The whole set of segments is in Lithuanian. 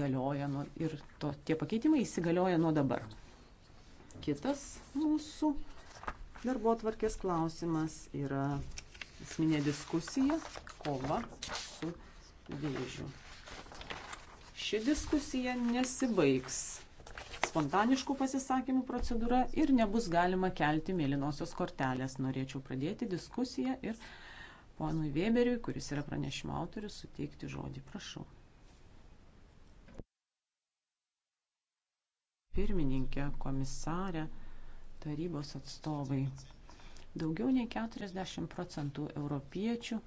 galioja nuo, ir to, tie pakeitimai įsigalioja nuo dabar. Kitas mūsų darbo tvarkės klausimas yra esminė diskusija - kova su vėžiu. Ši diskusija nesibaigs spontaniškų pasisakymų procedūra ir nebus galima kelti mėlynosios kortelės. Norėčiau pradėti diskusiją ir ponui Weberiui, kuris yra pranešimo autorius, suteikti žodį. Prašau. pirmininkė, komisarė, tarybos atstovai. Daugiau nei 40 procentų europiečių,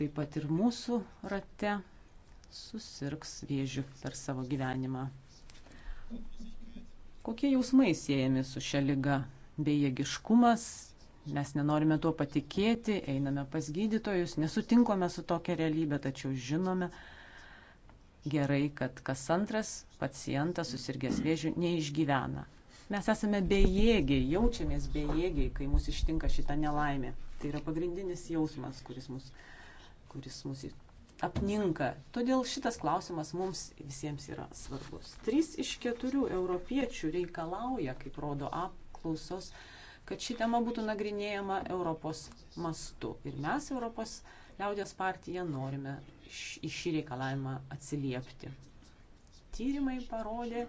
taip pat ir mūsų rate, susirgs vėžių per savo gyvenimą. Kokie jausmai siejami su šia lyga? Bejėgiškumas, mes nenorime tuo patikėti, einame pas gydytojus, nesutinkame su tokia realybė, tačiau žinome, kad gerai, kad kas antras pacientas susirgęs vėžių neišgyvena. Mes esame bejėgiai, jaučiamės bejėgiai, kai mus ištinka šita nelaimė. Tai yra pagrindinis jausmas, kuris mus, kuris mus apninka. Todėl šitas klausimas mums visiems yra svarbus. Trys iš keturių europiečių reikalauja, kaip rodo apklausos, kad ši tema būtų nagrinėjama Europos mastu. Ir mes Europos mastu liaudės partija norime į šį reikalavimą atsiliepti. Tyrimai parodė,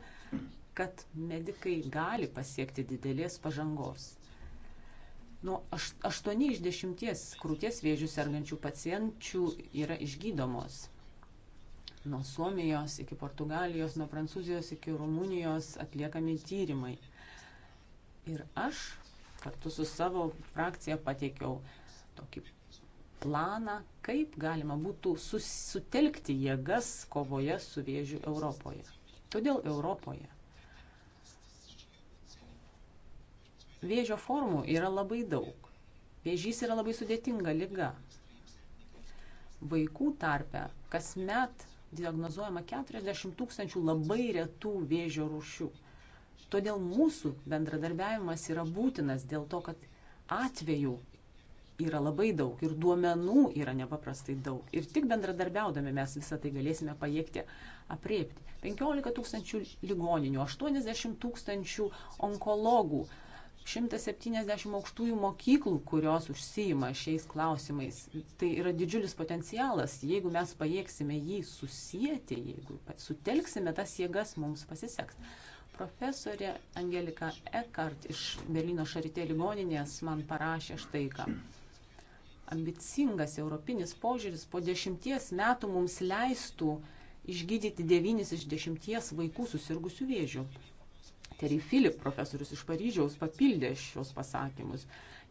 kad medikai gali pasiekti didelės pažangos. Nuo 8 iš 10 krūties vėžių sergančių pacientų yra išgydomos. Nuo Suomijos iki Portugalijos, nuo Prancūzijos iki Rumunijos atliekami tyrimai. Ir aš kartu su savo frakcija pateikiau tokį planą, kaip galima būtų sutelkti jėgas kovoje su vėžiu Europoje. Todėl Europoje vėžio formų yra labai daug. Vėžys yra labai sudėtinga lyga. Vaikų tarpe kasmet diagnozuojama 40 tūkstančių labai retų vėžio rūšių. Todėl mūsų bendradarbiavimas yra būtinas dėl to, kad atvejų yra labai daug ir duomenų yra nepaprastai daug. Ir tik bendradarbiaudami mes visą tai galėsime pajėgti apriepti. 15 tūkstančių ligoninių, 80 tūkstančių onkologų, 170 aukštųjų mokyklų, kurios užsijima šiais klausimais. Tai yra didžiulis potencialas, jeigu mes pajėgsime jį susijęti, jeigu sutelksime tas jėgas, mums pasiseks profesorė Angelika Eckart iš Berlyno Šarite ligoninės man parašė štai ką ambicingas europinis požiūris po dešimties metų mums leistų išgydyti devynis iš dešimties vaikų susirgusių vėžių. Terry Philip, profesorius iš Paryžiaus, papildė šios pasakymus.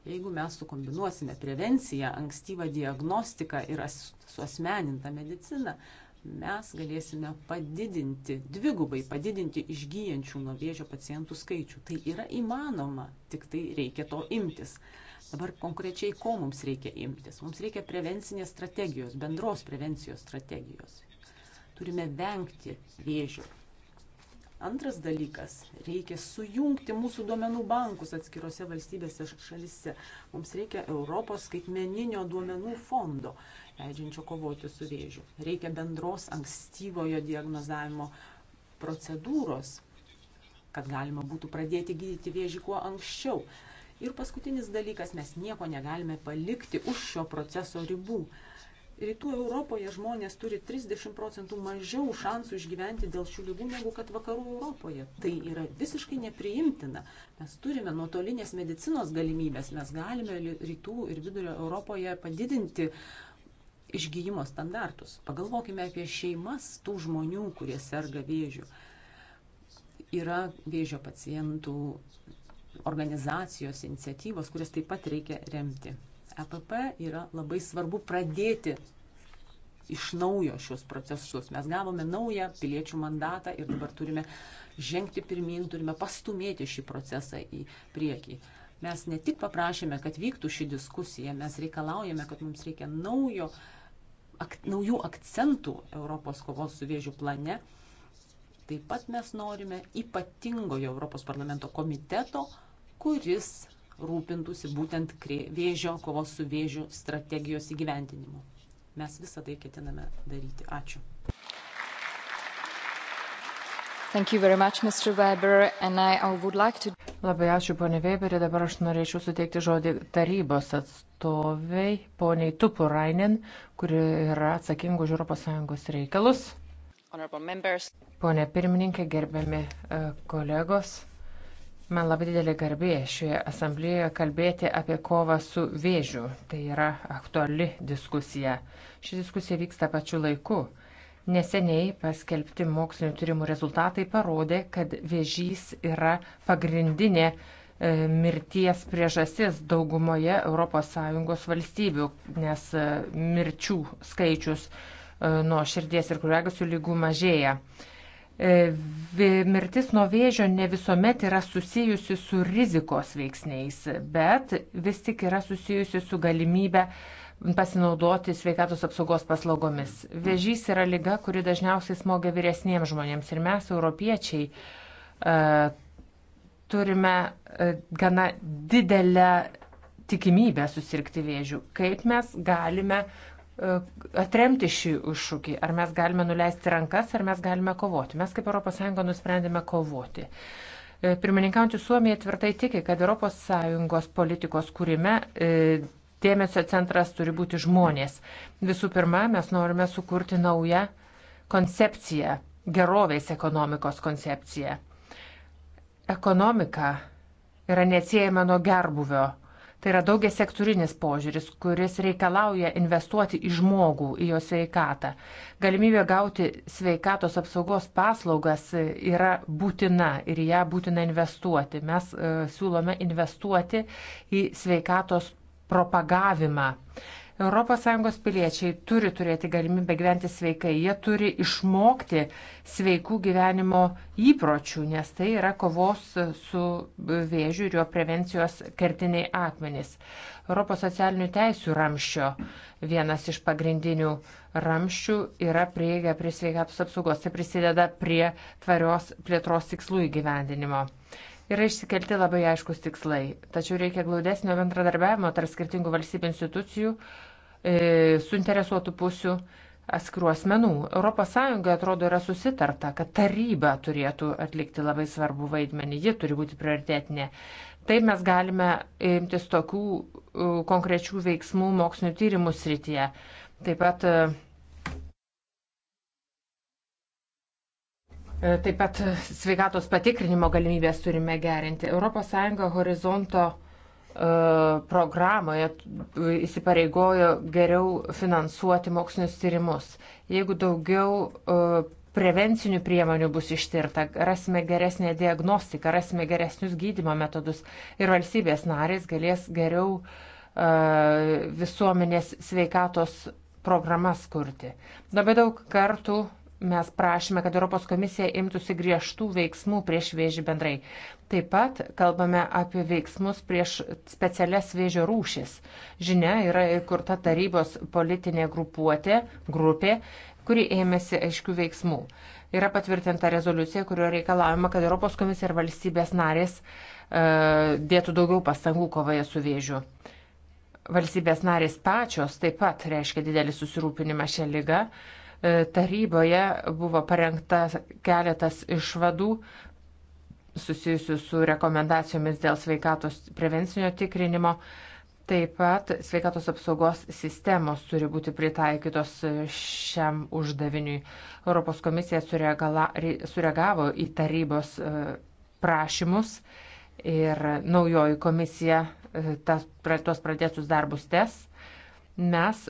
Jeigu mes sukombinuosime prevenciją, ankstyvą diagnostiką ir as, suosmenintą mediciną, mes galėsime padidinti, dvigubai padidinti išgyjančių nuo vėžio pacientų skaičių. Tai yra įmanoma, tik tai reikia to imtis. Dabar konkrečiai ko mums reikia imtis? Mums reikia prevencinės strategijos, bendros prevencijos strategijos. Turime vengti vėžių. Antras dalykas - reikia sujungti mūsų duomenų bankus atskirose valstybėse šalise. Mums reikia Europos skaitmeninio duomenų fondo, leidžiančio kovoti su vėžiu. Reikia bendros ankstyvojo diagnozavimo procedūros, kad galima būtų pradėti gydyti vėžį kuo anksčiau. Ir paskutinis dalykas, mes nieko negalime palikti už šio proceso ribų. Rytų Europoje žmonės turi 30 procentų mažiau šansų išgyventi dėl šių lygų negu kad vakarų Europoje. Tai yra visiškai nepriimtina. Mes turime nuotolinės medicinos galimybės, mes galime rytų ir vidurio Europoje padidinti išgyjimo standartus. Pagalvokime apie šeimas tų žmonių, kurie serga vėžiu. Yra vėžio pacientų organizacijos, iniciatyvos, kurias taip pat reikia remti. EPP yra labai svarbu pradėti iš naujo šios procesus. Mes gavome naują piliečių mandatą ir dabar turime žengti pirmin, turime pastumėti šį procesą į priekį. Mes ne tik paprašėme, kad vyktų ši diskusija, mes reikalaujame, kad mums reikia naujo, ak, naujų akcentų Europos kovos su vėžiu plane. Taip pat mes norime ypatingojo Europos parlamento komiteto kuris rūpintųsi būtent vėžio, kovos su vėžiu strategijos įgyvendinimu. Mes visą tai ketiname daryti. Ačiū. Much, Weber, like to... Labai ačiū, ponė Weberė. Dabar aš norėčiau suteikti žodį tarybos atstoviai, poniai Tupurainen, kuri yra atsakinga už ES reikalus. Pone pirmininkė, gerbiami e, kolegos. Man labai didelė garbė šioje asamblėje kalbėti apie kovą su vėžiu. Tai yra aktuali diskusija. Ši diskusija vyksta pačiu laiku. Neseniai paskelbti mokslinio tyrimų rezultatai parodė, kad vėžys yra pagrindinė e, mirties priežastis daugumoje ES valstybių, nes e, mirčių skaičius e, nuo širdies ir kraujagyslių lygų mažėja. E, mirtis nuo vėžio ne visuomet yra susijusi su rizikos veiksniais, bet vis tik yra susijusi su galimybė pasinaudoti sveikatos apsaugos paslaugomis. Vėžys yra lyga, kuri dažniausiai smogia vyresniems žmonėms ir mes, europiečiai, e, turime e, gana didelę tikimybę susirgti vėžių. Kaip mes galime atremti šį iššūkį. Ar mes galime nuleisti rankas, ar mes galime kovoti. Mes kaip ES nusprendėme kovoti. E, Pirmininkaujantį Suomiją tvirtai tiki, kad ES politikos kūrime e, dėmesio centras turi būti žmonės. Visų pirma, mes norime sukurti naują koncepciją, gerovės ekonomikos koncepciją. Ekonomika yra neatsiejama nuo gerbuvio Tai yra daugia sektorinis požiūris, kuris reikalauja investuoti į žmogų, į jo sveikatą. Galimybė gauti sveikatos apsaugos paslaugas yra būtina ir ją būtina investuoti. Mes e, siūlome investuoti į sveikatos propagavimą. E, ES piliečiai turi turėti galimybę gyventi sveikai, jie turi išmokti sveikų gyvenimo įpročių, nes tai yra kovos su vėžiu ir jo prevencijos kertiniai akmenys. Europos socialinių teisių ramščio vienas iš pagrindinių ramščių yra prieiga prie sveikatos apsaugos, tai prisideda prie tvarios plėtros tikslų įgyvendinimo yra išsikelti labai aiškus tikslai, tačiau reikia glaudesnio bendradarbiavimo tarp skirtingų valstybių institucijų, E, suinteresuotų pusių, atskirų asmenų. ES atrodo yra susitarta, kad taryba turėtų atlikti labai svarbų vaidmenį, ji turi būti prioritetinė. Taip mes galime imtis tokių e, konkrečių veiksmų mokslinio tyrimų srityje. Taip pat e, Taip pat sveikatos patikrinimo galimybės turime gerinti. ES horizonto programoje įsipareigojo geriau finansuoti mokslinius tyrimus. Jeigu daugiau e, prevencinių priemonių bus ištirta, rasime geresnę diagnostiką, rasime geresnius gydimo metodus ir valstybės narės galės geriau e, visuomenės sveikatos programas kurti. Labai daug kartų mes prašome, kad Europos komisija imtųsi griežtų veiksmų prieš vėžį bendrai. Taip pat kalbame apie veiksmus prieš specialias vėžio rūšis. Žinia, yra įkurta tarybos politinė grupuotė, grupė, kuri ėmėsi aiškių veiksmų. Yra patvirtinta rezoliucija, kurio reikalavima, kad Europos komisija ir valstybės narės e, dėtų daugiau pastangų kovoje su vėžiu. Valstybės narės pačios taip pat reiškia didelį susirūpinimą šią lygą. E, E, taryboje buvo parengta keletas išvadų susijusių su rekomendacijomis dėl sveikatos prevencinio tikrinimo. Taip pat sveikatos apsaugos sistemos turi būti pritaikytos šiam uždaviniui. Europos komisija sureagala, sureagavo į tarybos e, prašymus ir naujoji komisija e, tas, tos pradėtus darbus tes. Mes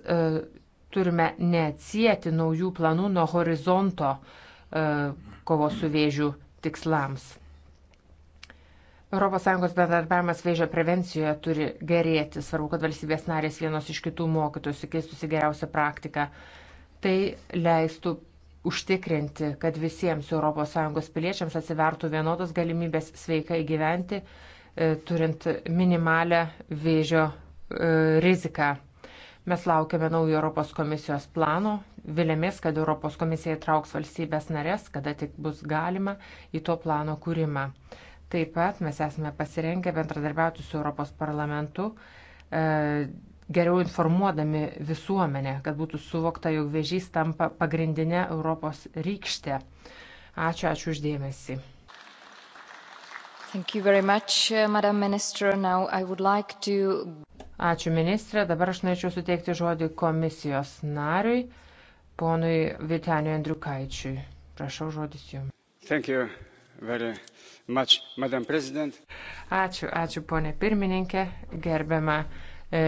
turime neatsijėti naujų planų nuo horizonto e, kovos su vėžiu tikslams. ES bendradarbiavimas vėžio prevencijoje turi gerėti. Svarbu, kad valstybės narės vienos iš kitų mokytųsi, keistųsi geriausią praktiką. Tai leistų užtikrinti, kad visiems ES piliečiams atsivertų vienodos galimybės sveikai gyventi, e, turint minimalę vėžio e, riziką. Mes laukiame naujo Europos komisijos plano, vilėmės, kad Europos komisija įtrauks valstybės narės, kada tik bus galima, į to plano kūrimą. Taip pat mes esame pasirengę bendradarbiauti su Europos parlamentu, e, geriau informuodami visuomenę, kad būtų suvokta, jog vėžys tampa pagrindinė Europos rykštė. Ačiū, ačiū uždėmesi. Thank you very much, uh, Madam Minister. Now I would like to Ačiū ministrė. Dabar aš norėčiau suteikti žodį komisijos nariui, ponui Viteniu Andriukaičiui. Prašau žodis jums. Much, ačiū, ačiū ponė pirmininkė, gerbiama e,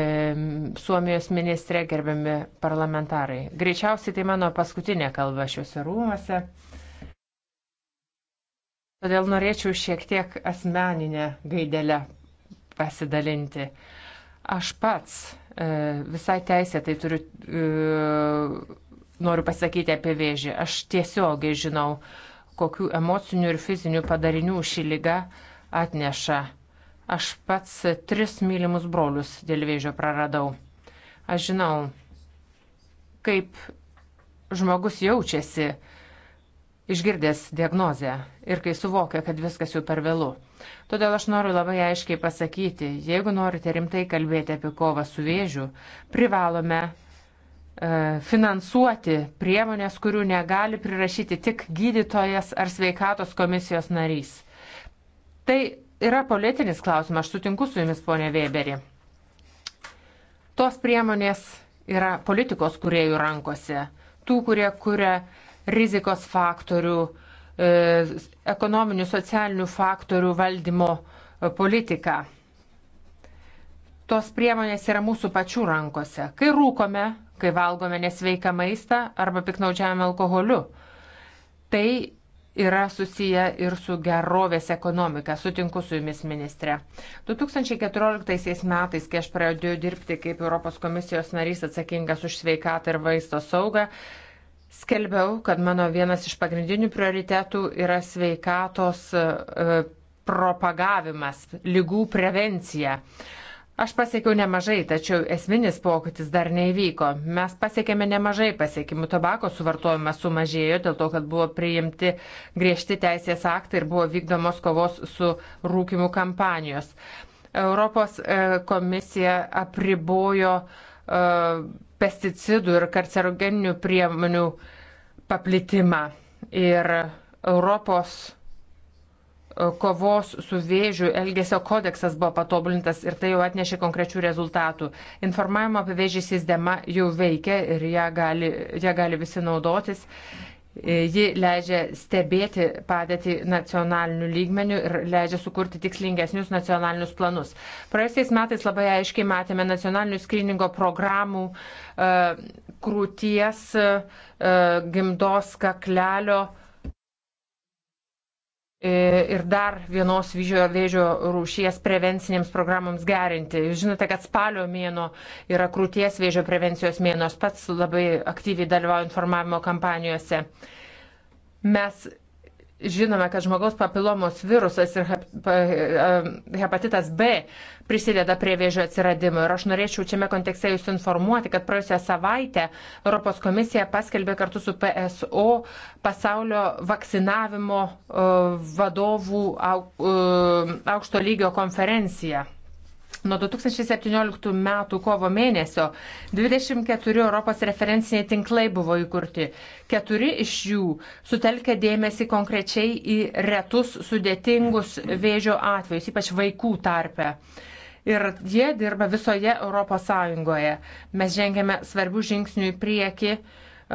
Suomijos ministrė, gerbiami parlamentarai. Greičiausiai tai mano paskutinė kalba šiuose rūmose. Todėl norėčiau šiek tiek asmeninę gaidelę pasidalinti. E, Aš pats e, visai teisė tai turiu, e, noriu pasakyti apie vėžį. Aš tiesiogiai žinau, kokių emocinių ir fizinių padarinių ši lyga atneša. Aš pats tris mylimus brolius dėl vėžio praradau. Aš žinau, kaip žmogus jaučiasi, išgirdęs diagnozę ir kai suvokia, kad viskas jau per vėlu. Todėl aš noriu labai aiškiai pasakyti, jeigu norite rimtai kalbėti apie kovą su vėžiu, privalome e, finansuoti priemonės, kurių negali prirašyti tik gydytojas ar sveikatos komisijos narys. Tai yra politinis klausimas, aš sutinku su jumis, ponė Weberi. Tos priemonės yra politikos kuriejų rankose, tų, kurie kuria rizikos faktorių, e, ekonominių, socialinių faktorių valdymo e, politiką. Tos priemonės yra mūsų pačių rankose. Kai rūkome, kai valgome nesveiką maistą arba piknaudžiavame alkoholiu, tai yra susiję ir su gerovės ekonomika. Sutinku su jumis, ministrė. 2014 metais, kai aš pradėjau dirbti kaip Europos komisijos narys atsakingas už sveikatą ir vaisto saugą, skelbiau, kad mano vienas iš pagrindinių prioritetų yra sveikatos e, propagavimas, lygų prevencija. Aš pasiekiau nemažai, tačiau esminis pokytis dar neįvyko. Mes pasiekėme nemažai pasiekimų. Tabako suvartojimas sumažėjo dėl to, kad buvo priimti griežti teisės aktai ir buvo vykdomos kovos su rūkimu kampanijos. Europos e, komisija apribojo uh, pesticidų ir karcerogeninių priemonių paplitimą. Ir Europos e, kovos su vėžiu elgesio kodeksas buvo patobulintas ir tai jau atnešė konkrečių rezultatų. Informavimo apie vėžį sistema jau veikia ir ją gali, ją gali visi naudotis. E, ji leidžia stebėti padėtį nacionaliniu lygmeniu ir leidžia sukurti tikslingesnius nacionalinius planus. Praėjusiais metais labai aiškiai matėme nacionalinių skriningo programų e, krūties, e, gimdos kaklelio E, ir dar vienos vyžio vėžio rūšies prevencinėms programoms gerinti. Jūs žinote, kad spalio mėno yra krūties vėžio prevencijos mėnos, pats labai aktyviai dalyvauju informavimo kampanijose. Mes Žinome, kad žmogaus papilomos virusas ir e, e, hepatitas B prisideda prie vėžio atsiradimo. Ir aš norėčiau šiame kontekste jūs informuoti, kad praėjusią savaitę Europos komisija paskelbė kartu su PSO pasaulio vakcinavimo e, vadovų aukšto lygio konferenciją. Nuo 2017 metų kovo mėnesio 24 Europos referenciniai tinklai buvo įkurti. Keturi iš jų sutelkia dėmesį konkrečiai į retus sudėtingus vėžio atvejus, ypač vaikų tarpe. Ir jie dirba visoje Europos Sąjungoje. Mes žengėme svarbių žingsnių į priekį e,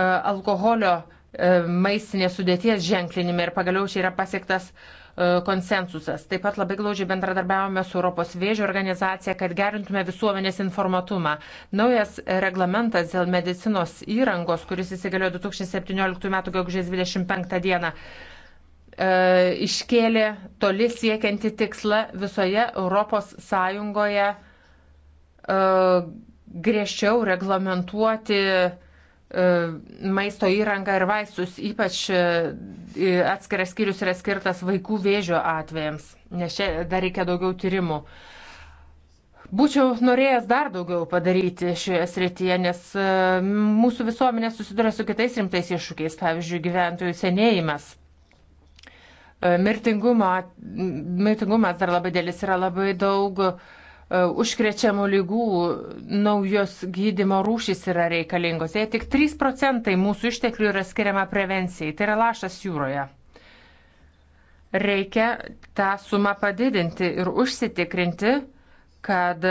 alkoholio e, maistinės sudėties ženklinime ir pagaliau čia yra pasiektas uh, E, konsensusas. Taip pat labai glaudžiai bendradarbiavome su Europos vėžio organizacija, kad gerintume visuomenės informatumą. Naujas reglamentas dėl medicinos įrangos, kuris įsigaliojo 2017 m. gegužės 25 d. E, iškėlė toli siekianti tikslą visoje ES e, griežčiau reglamentuoti uh, E, maisto įrangą ir vaistus, ypač e, atskiras skyrius yra skirtas vaikų vėžio atvejams, nes čia dar reikia daugiau tyrimų. Būčiau norėjęs dar daugiau padaryti šioje srityje, nes e, mūsų visuomenė susiduria su kitais rimtais iššūkiais, pavyzdžiui, gyventojų senėjimas. Mirtingumo, mirtingumas dar labai dėlis yra labai daug uh, E, užkrečiamų lygų naujos gydimo rūšys yra reikalingos. Jei tik 3 procentai mūsų išteklių yra skiriama prevencijai, tai yra lašas jūroje. Reikia tą sumą padidinti ir užsitikrinti, kad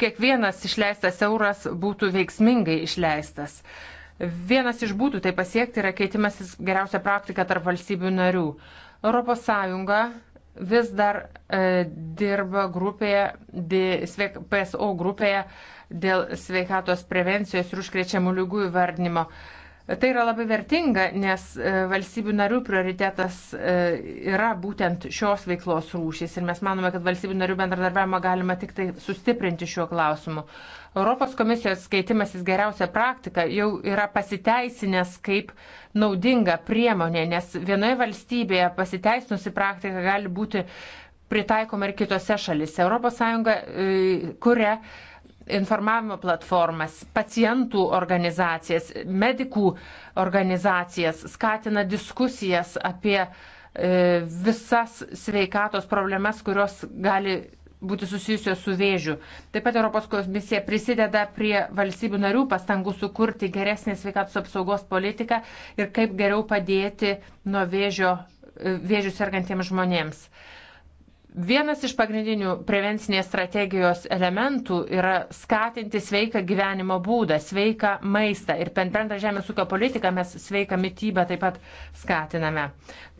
kiekvienas išleistas euras būtų veiksmingai išleistas. Vienas iš būdų tai pasiekti yra keitimasis geriausia praktika tarp valstybių narių. ES vis dar e, dirba grupėje, di, sveik, PSO grupėje dėl sveikatos prevencijos ir užkrečiamų lygų įvardinimo. Tai yra labai vertinga, nes e, valstybių narių prioritetas e, yra būtent šios veiklos rūšys ir mes manome, kad valstybių narių bendradarbiavimą galima tik tai sustiprinti šiuo klausimu. Europos komisijos skaitimasis geriausia praktika jau yra pasiteisinęs kaip naudinga priemonė, nes vienoje valstybėje pasiteisinusi praktika gali būti pritaikoma ir kitose šalise. ES e, kuria informavimo platformas, pacientų organizacijas, medikų organizacijas, skatina diskusijas apie e, visas sveikatos problemas, kurios gali būti susijusios su vėžiu. Taip pat Europos komisija prisideda prie valstybių narių pastangų sukurti geresnį sveikatos apsaugos politiką ir kaip geriau padėti nuo vėžio, vėžių sergantiems žmonėms. Vienas iš pagrindinių prevencinės strategijos elementų yra skatinti sveiką gyvenimo būdą, sveiką maistą. Ir per bendrą žemės ūkio politiką mes sveiką mytybę taip pat skatiname.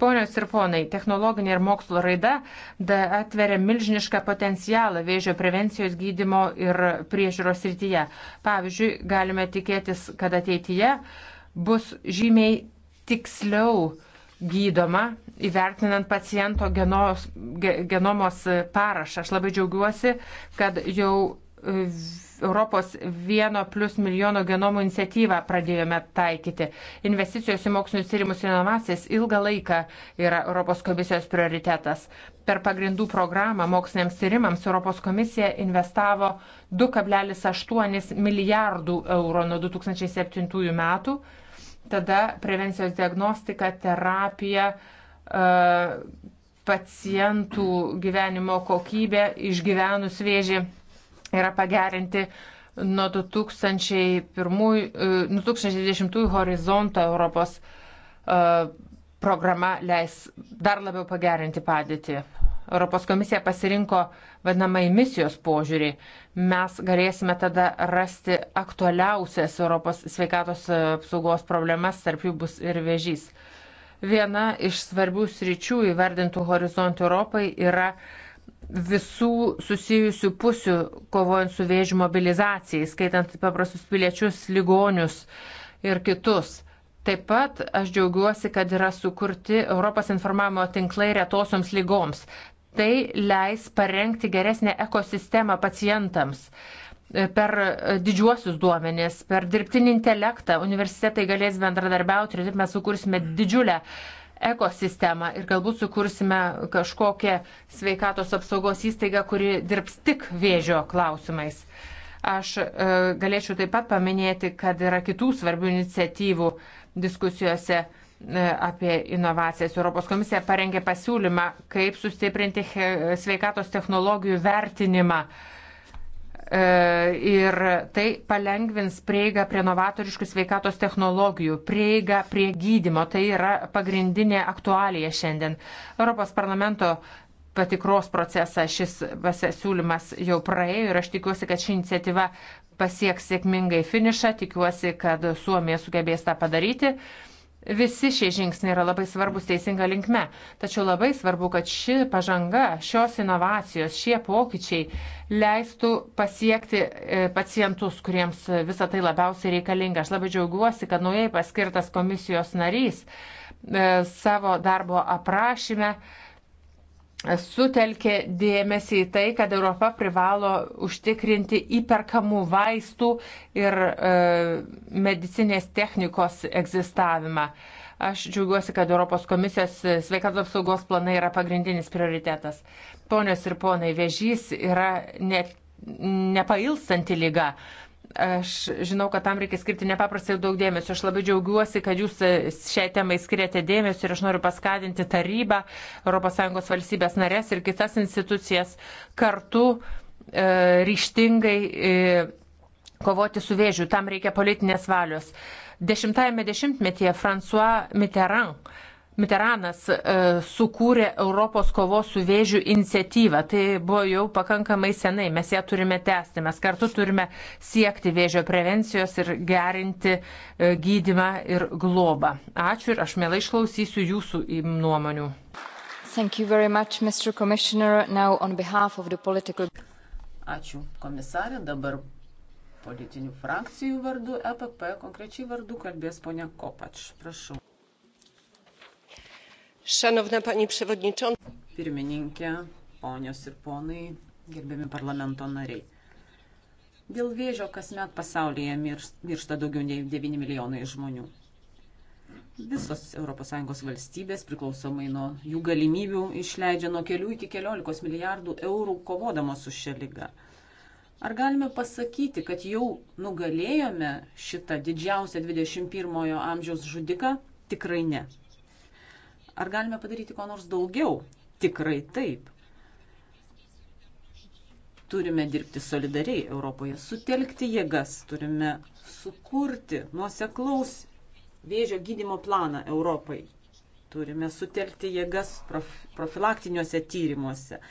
Ponios ir ponai, technologinė ir mokslo raida atveria milžinišką potencialą vėžio prevencijos gydimo ir priežiūros rytyje. Pavyzdžiui, galime tikėtis, kad ateityje bus žymiai tiksliau gydoma įvertinant paciento genos, genomos parašą. Aš labai džiaugiuosi, kad jau e, Europos vieno plus milijono genomų iniciatyvą pradėjome taikyti. Investicijos į mokslinius tyrimus ir inovacijas ilgą laiką yra Europos komisijos prioritetas. Per pagrindų programą moksliniams tyrimams Europos komisija investavo 2,8 milijardų eurų nuo 2007 metų. Tada prevencijos diagnostika, terapija, pacientų gyvenimo kokybė išgyvenus vėžį yra pagerinti nuo 2001, 2010 horizonto Europos e, programa leis dar labiau pagerinti padėtį. Europos komisija pasirinko vadinamą emisijos požiūrį. Mes galėsime tada rasti aktualiausias Europos sveikatos apsaugos problemas, tarp jų bus ir vėžys. Uh, Viena iš svarbių sričių įvardintų horizontų Europai yra visų susijusių pusių kovojant su vėžiu mobilizacijai, skaitant paprastus piliečius, ligonius ir kitus. Taip pat aš džiaugiuosi, kad yra sukurti Europos informavimo tinklai retosioms lygoms. Tai leis parengti geresnę ekosistemą pacientams. Uh, E, per e, didžiuosius duomenis, per dirbtinį intelektą universitetai galės bendradarbiauti ir taip mes sukursime mm. didžiulę ekosistemą ir galbūt sukursime kažkokią sveikatos apsaugos įstaigą, kuri dirbs tik vėžio klausimais. Aš e, galėčiau taip pat paminėti, kad yra kitų svarbių iniciatyvų diskusijose e, apie inovacijas. Europos komisija parengė pasiūlymą, kaip sustiprinti sveikatos technologijų vertinimą. E, E, ir tai palengvins prieigą prie novatoriškų sveikatos technologijų, prieigą prie gydimo. Tai yra pagrindinė aktualija šiandien. Europos parlamento patikros procesą šis pasiūlymas jau praėjo ir aš tikiuosi, kad ši iniciatyva pasieks sėkmingai finišą, tikiuosi, kad Suomija sugebės tą padaryti. Visi šie žingsniai yra labai svarbus teisinga linkme, tačiau labai svarbu, kad ši pažanga, šios inovacijos, šie pokyčiai leistų pasiekti e, pacientus, kuriems visą tai labiausiai reikalinga. Aš labai džiaugiuosi, kad naujai paskirtas komisijos narys e, savo darbo aprašyme sutelkė dėmesį į tai, kad Europa privalo užtikrinti įperkamų vaistų ir e, medicinės technikos egzistavimą. Aš džiaugiuosi, kad Europos komisijos sveikatos apsaugos planai yra pagrindinis prioritetas. Ponios ir ponai, vėžys yra net nepailstanti lyga. E, Aš žinau, kad tam reikia skirti nepaprastai daug dėmesio. Aš labai džiaugiuosi, kad jūs e, šiai temai skiriate dėmesio ir aš noriu paskatinti tarybą, ES valstybės narės ir kitas institucijas kartu e, ryštingai e, kovoti su vėžiu. Tam reikia politinės valios. Dešimtajame dešimtmetyje François Mitterrand Miteranas e, sukūrė Europos kovos su vėžiu iniciatyvą. Tai buvo jau pakankamai senai. Mes ją turime tęsti. Mes kartu turime siekti vėžio prevencijos ir gerinti e, gydimą ir globą. Ačiū ir aš mielai išklausysiu jūsų nuomonių. Much, political... Ačiū komisarė. Dabar politinių frakcijų vardu, EPP konkrečiai vardu kalbės ponia Kopač. Prašau. Šanovna pani Prevodničion. Pirmininkė, ponios ir ponai, gerbiami parlamento nariai. Dėl vėžio kasmet pasaulyje miršta daugiau nei 9 milijonai žmonių. Visos ES valstybės priklausomai nuo jų galimybių išleidžia nuo kelių iki keliolikos milijardų eurų kovodamos su šia lyga. Ar galime pasakyti, kad jau nugalėjome šitą didžiausią 21-ojo amžiaus žudiką? Tikrai ne. Ar galime padaryti ko nors daugiau? Tikrai taip. Turime dirbti solidariai Europoje, sutelkti jėgas, turime sukurti nuoseklaus vėžio gydimo planą Europai. Turime sutelkti jėgas profilaktiniuose tyrimuose.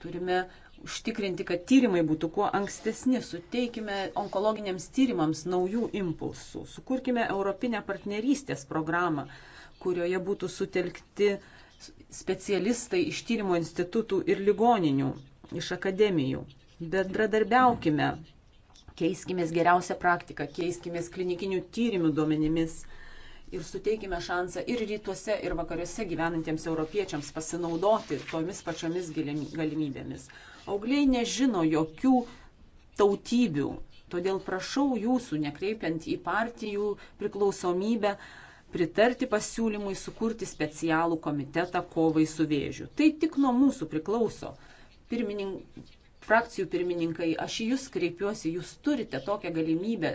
Turime užtikrinti, kad tyrimai būtų kuo ankstesni, suteikime onkologiniams tyrimams naujų impulsų, sukurkime Europinę partnerystės programą, kurioje būtų sutelkti specialistai iš tyrimo institutų ir ligoninių, iš akademijų. Bendradarbiaukime, keiskime geriausią praktiką, keiskime klinikinių tyrimų duomenimis ir suteikime šansą ir rytuose, ir vakaruose gyvenantiems europiečiams pasinaudoti tomis pačiomis galimybėmis. Augliai nežino jokių tautybių, todėl prašau jūsų, nekreipiant į partijų priklausomybę, pritarti pasiūlymui sukurti specialų komitetą kovai su vėžiu. Tai tik nuo mūsų priklauso. Pirmininkai, frakcijų pirmininkai, aš į jūs kreipiuosi, jūs turite tokią galimybę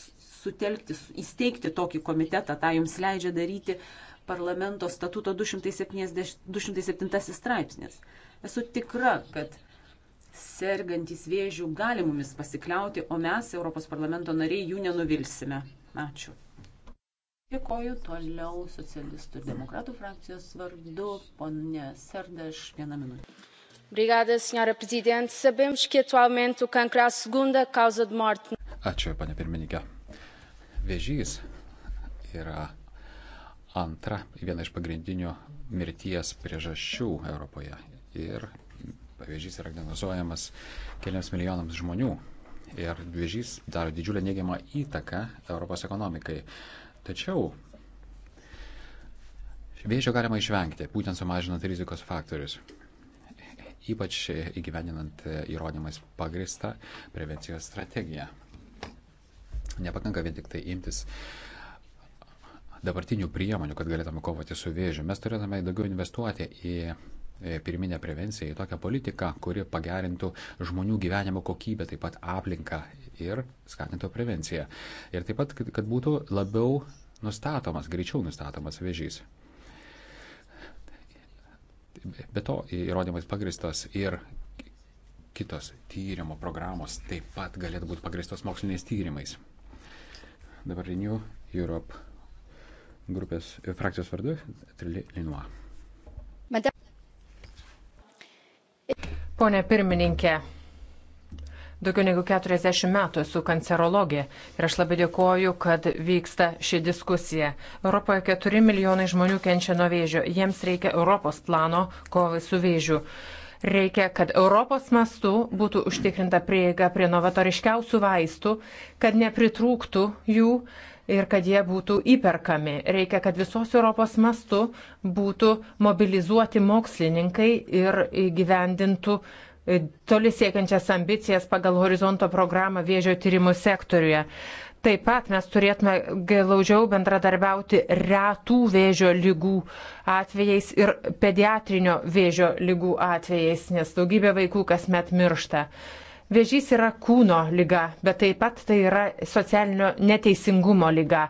sutelkti, įsteigti tokį komitetą, tą jums leidžia daryti parlamento statuto 270, 207 straipsnis. Esu tikra, kad sergantis vėžių gali mumis pasikliauti, o mes, Europos parlamento nariai, jų nenuvilsime. Ačiū. Dėkoju toliau socialistų ir demokratų frakcijos vardu, ponė Serdaš, vieną minutę. Obrigada, senhora Presidente. Sabemos que atualmente o cancro é a segunda causa de morte. Ačiū, panė pirmininkė. Vėžys yra antra, viena iš pagrindinių mirties priežasčių Europoje. Ir vėžys yra diagnozuojamas keliams milijonams žmonių. Ir vėžys daro didžiulę neigiamą įtaką Europos ekonomikai. Tačiau vėžio galima išvengti, būtent sumažinant rizikos faktorius ypač įgyveninant įrodymais pagristą prevencijos strategiją. Nepakanka vien tik tai imtis dabartinių priemonių, kad galėtume kovoti su vėžiu. Mes turėtume daugiau investuoti į E, pirminę prevenciją, į tokią politiką, kuri pagerintų žmonių gyvenimo kokybę, taip pat aplinką ir skatintų prevenciją. Ir taip pat, kad būtų labiau nustatomas, greičiau nustatomas vėžys. Be to, įrodymais pagristos ir kitos tyrimo programos taip pat galėtų būti pagristos moksliniais tyrimais. Dabar Renew Europe grupės e, frakcijos vardu Trilė Linua. Pone pirmininkė, daugiau negu 40 metų esu kancerologė ir aš labai dėkoju, kad vyksta ši diskusija. Europoje 4 milijonai žmonių kenčia nuo vėžio. Jiems reikia Europos plano kovai su vėžiu. Reikia, kad Europos mastu būtų užtikrinta prieiga prie novatoriškiausių vaistų, kad nepritrūktų jų ir kad jie būtų įperkami. Reikia, kad visos Europos mastu būtų mobilizuoti mokslininkai ir gyvendintų e, toli siekiančias ambicijas pagal horizonto programą vėžio tyrimų sektoriuje. Taip pat mes turėtume glaudžiau bendradarbiauti retų vėžio lygų atvejais ir pediatrinio vėžio lygų atvejais, nes daugybė vaikų kasmet miršta. Vėžys yra kūno lyga, bet taip pat tai yra socialinio neteisingumo lyga,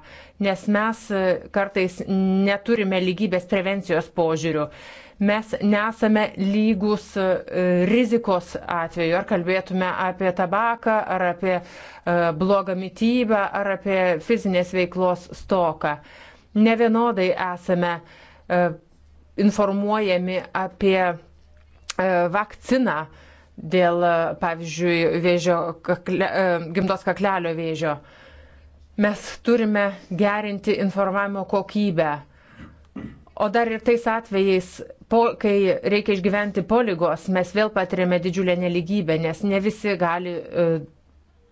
nes mes e, kartais neturime lygybės prevencijos požiūrių. Mes nesame lygus e, rizikos atveju, ar kalbėtume apie tabaką, ar apie e, blogą mytybą, ar apie fizinės veiklos stoką. Nevienodai esame informuojami apie vakciną dėl, pavyzdžiui, vėžio kakle, e, gimdos kaklelio vėžio. Mes turime gerinti informavimo kokybę. O dar ir tais atvejais, po, kai reikia išgyventi poligos, mes vėl patiriame didžiulę neligybę, nes ne visi gali e,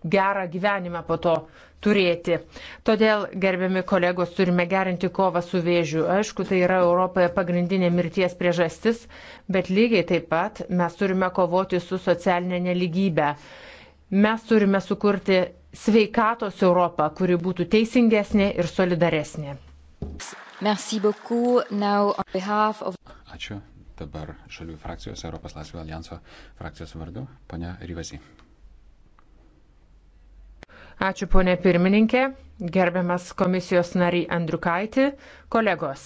gerą gyvenimą po to turėti. Todėl, gerbiami kolegos, turime gerinti kovą su vėžiu. Aišku, tai yra Europoje pagrindinė mirties priežastis, bet lygiai taip pat mes turime kovoti su socialinė neligybė. Mes turime sukurti sveikatos Europą, kuri būtų teisingesnė ir solidaresnė. Of... Ačiū. Dabar šalių frakcijos Europos Laisvės alijanso frakcijos vardu, ponia Ryvasi. Ačiū ponė pirmininkė, gerbiamas komisijos nariai Andriukaitį, kolegos.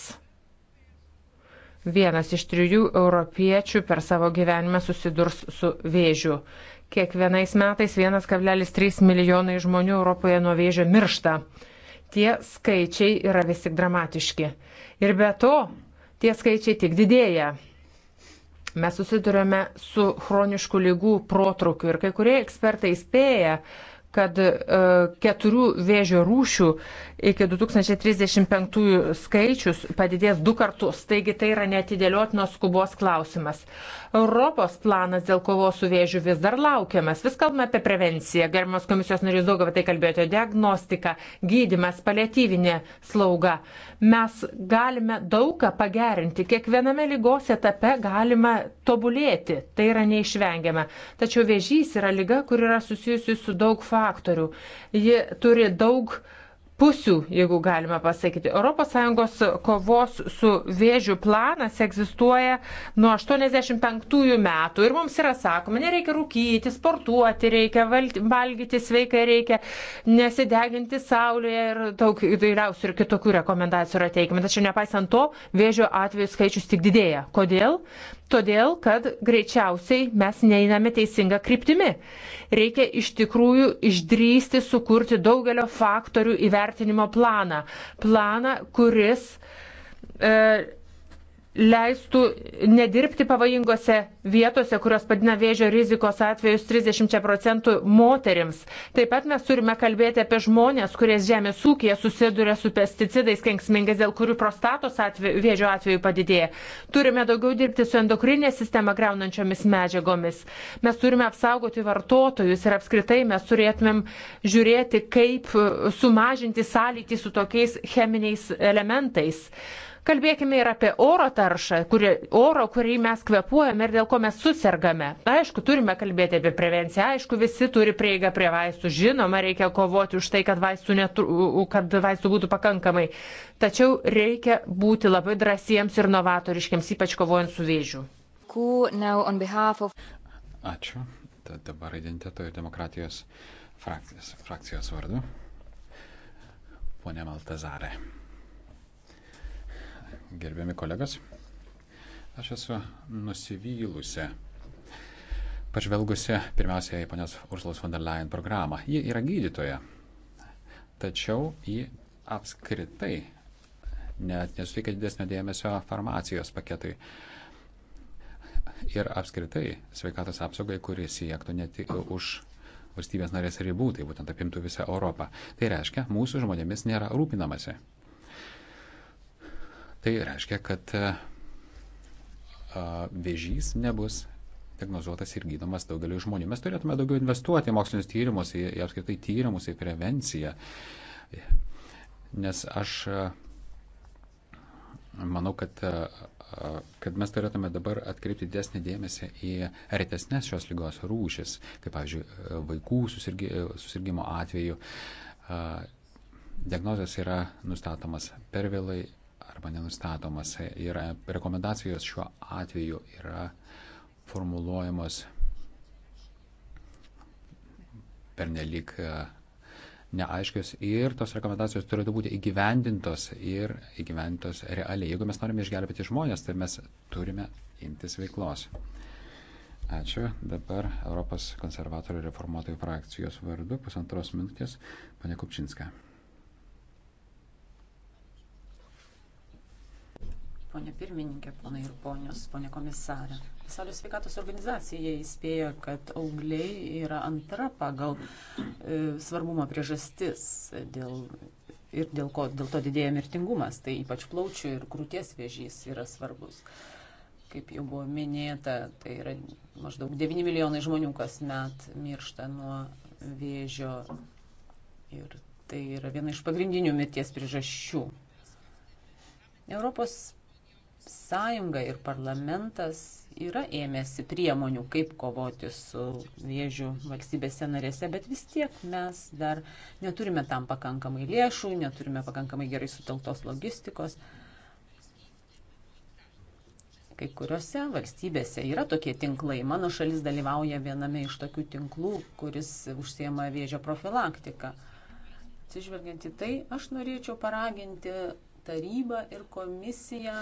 Vienas iš trijų europiečių per savo gyvenimą susidurs su vėžiu. Kiekvienais metais 1,3 milijonai žmonių Europoje nuo vėžio miršta. Tie skaičiai yra vis tik dramatiški. Ir be to, tie skaičiai tik didėja. Mes susidurėme su chroniškų lygų protrukiu ir kai kurie ekspertai spėja, kad e, keturių vėžio rūšių iki 2035 skaičius padidės du kartus. Taigi tai yra netidėliotinos skubos klausimas. Europos planas dėl kovos su vėžiu vis dar laukiamas. Vis kalbame apie prevenciją. Gerbiamas komisijos narys daug apie tai kalbėjote. Diagnostika, gydimas, paliatyvinė slauga. Mes galime daugą pagerinti. Kiekviename lygos etape galima tobulėti. Tai yra neišvengiama. Tačiau vėžys yra lyga, kur yra susijusi su daug faktų faktorių. Ji turi daug pusių, jeigu galima pasakyti. ES kovos su vėžiu planas egzistuoja nuo 85 metų ir mums yra sakoma, nereikia rūkyti, sportuoti, reikia valgyti sveikai, reikia nesideginti saulėje ir daug įvairiausių ir kitokių rekomendacijų yra teikiama. Tačiau nepaisant to, vėžio atvejų skaičius tik didėja. Kodėl? Todėl, kad greičiausiai mes neiname teisinga kryptimi. Reikia iš tikrųjų išdrysti sukurti daugelio faktorių įvertinimo planą. Planą, kuris e, leistų nedirbti pavojingose vietose, kurios padina vėžio rizikos atvejus 30 procentų moterims. Taip pat mes turime kalbėti apie žmonės, kurie žemės ūkėje susiduria su pesticidais kenksmingais, dėl kurių prostatos atveju, vėžio atveju padidėja. Turime daugiau dirbti su endokrinė sistema greunančiomis medžiagomis. Mes turime apsaugoti vartotojus ir apskritai mes turėtumėm žiūrėti, kaip sumažinti sąlytį su tokiais cheminiais elementais. Kalbėkime ir apie oro taršą, kuri, oro, kurį mes kvepuojame ir dėl ko mes susirgame. Aišku, turime kalbėti apie prevenciją, aišku, visi turi prieigą prie vaistų, žinoma, reikia kovoti už tai, kad vaistų, netru, kad vaistų būtų pakankamai. Tačiau reikia būti labai drąsiems ir novatoriškiams, ypač kovojant su vėžiu. Ačiū. Tad dabar identiteto ir demokratijos frakcijos, frakcijos vardu. Pone Maltazarė gerbiami kolegos. Aš esu nusivylusi, pažvelgusi pirmiausia į ponios Ursulos von der Leyen programą. Ji yra gydytoja, tačiau ji apskritai net nesuteikia didesnio dėmesio farmacijos paketui ir apskritai sveikatos apsaugai, kuris siektų ne tik už valstybės narės ribų, tai būtent apimtų visą Europą. Tai reiškia, mūsų žmonėmis nėra rūpinamasi. Tai reiškia, kad e, vėžys nebus diagnozuotas ir gydomas daugeliu žmonių. Mes turėtume daugiau investuoti į mokslinius tyrimus, į, į apskritai tyrimus, į prevenciją. Nes aš e, manau, kad, e, kad mes turėtume dabar atkreipti didesnį dėmesį į retesnės šios lygos rūšis, kaip, pavyzdžiui, vaikų susirgy, susirgymo atveju. Diagnozės yra nustatomas per vėlai arba nenustatomas. Ir rekomendacijos šiuo atveju yra formuluojamos pernelik e, neaiškios ir tos rekomendacijos turėtų būti įgyvendintos ir įgyvendintos realiai. Jeigu mes norime išgelbėti žmonės, tai mes turime imtis veiklos. Ačiū. Dabar Europos konservatorių reformuotojų frakcijos vardu pusantros minutės, pane Kupčinska. Pone pirmininkė, ponai ir ponios, ponė komisarė. Pasaulio sveikatos organizacija įspėja, kad augliai yra antra pagal e, svarbumo priežastis dėl, ir dėl, ko, dėl to didėja mirtingumas. Tai ypač plaučių ir krūties vėžys yra svarbus. Kaip jau buvo minėta, tai yra maždaug 9 milijonai žmonių kasmet miršta nuo vėžio ir tai yra viena iš pagrindinių mirties priežasčių. Europos sąjunga ir parlamentas yra ėmėsi priemonių, kaip kovoti su vėžiu valstybėse narėse, bet vis tiek mes dar neturime tam pakankamai lėšų, neturime pakankamai gerai sutelktos logistikos. Kai kuriuose valstybėse yra tokie tinklai. Mano šalis dalyvauja viename iš tokių tinklų, kuris užsiema vėžio profilaktiką. Atsižvelgiant į tai, aš norėčiau paraginti tarybą ir komisiją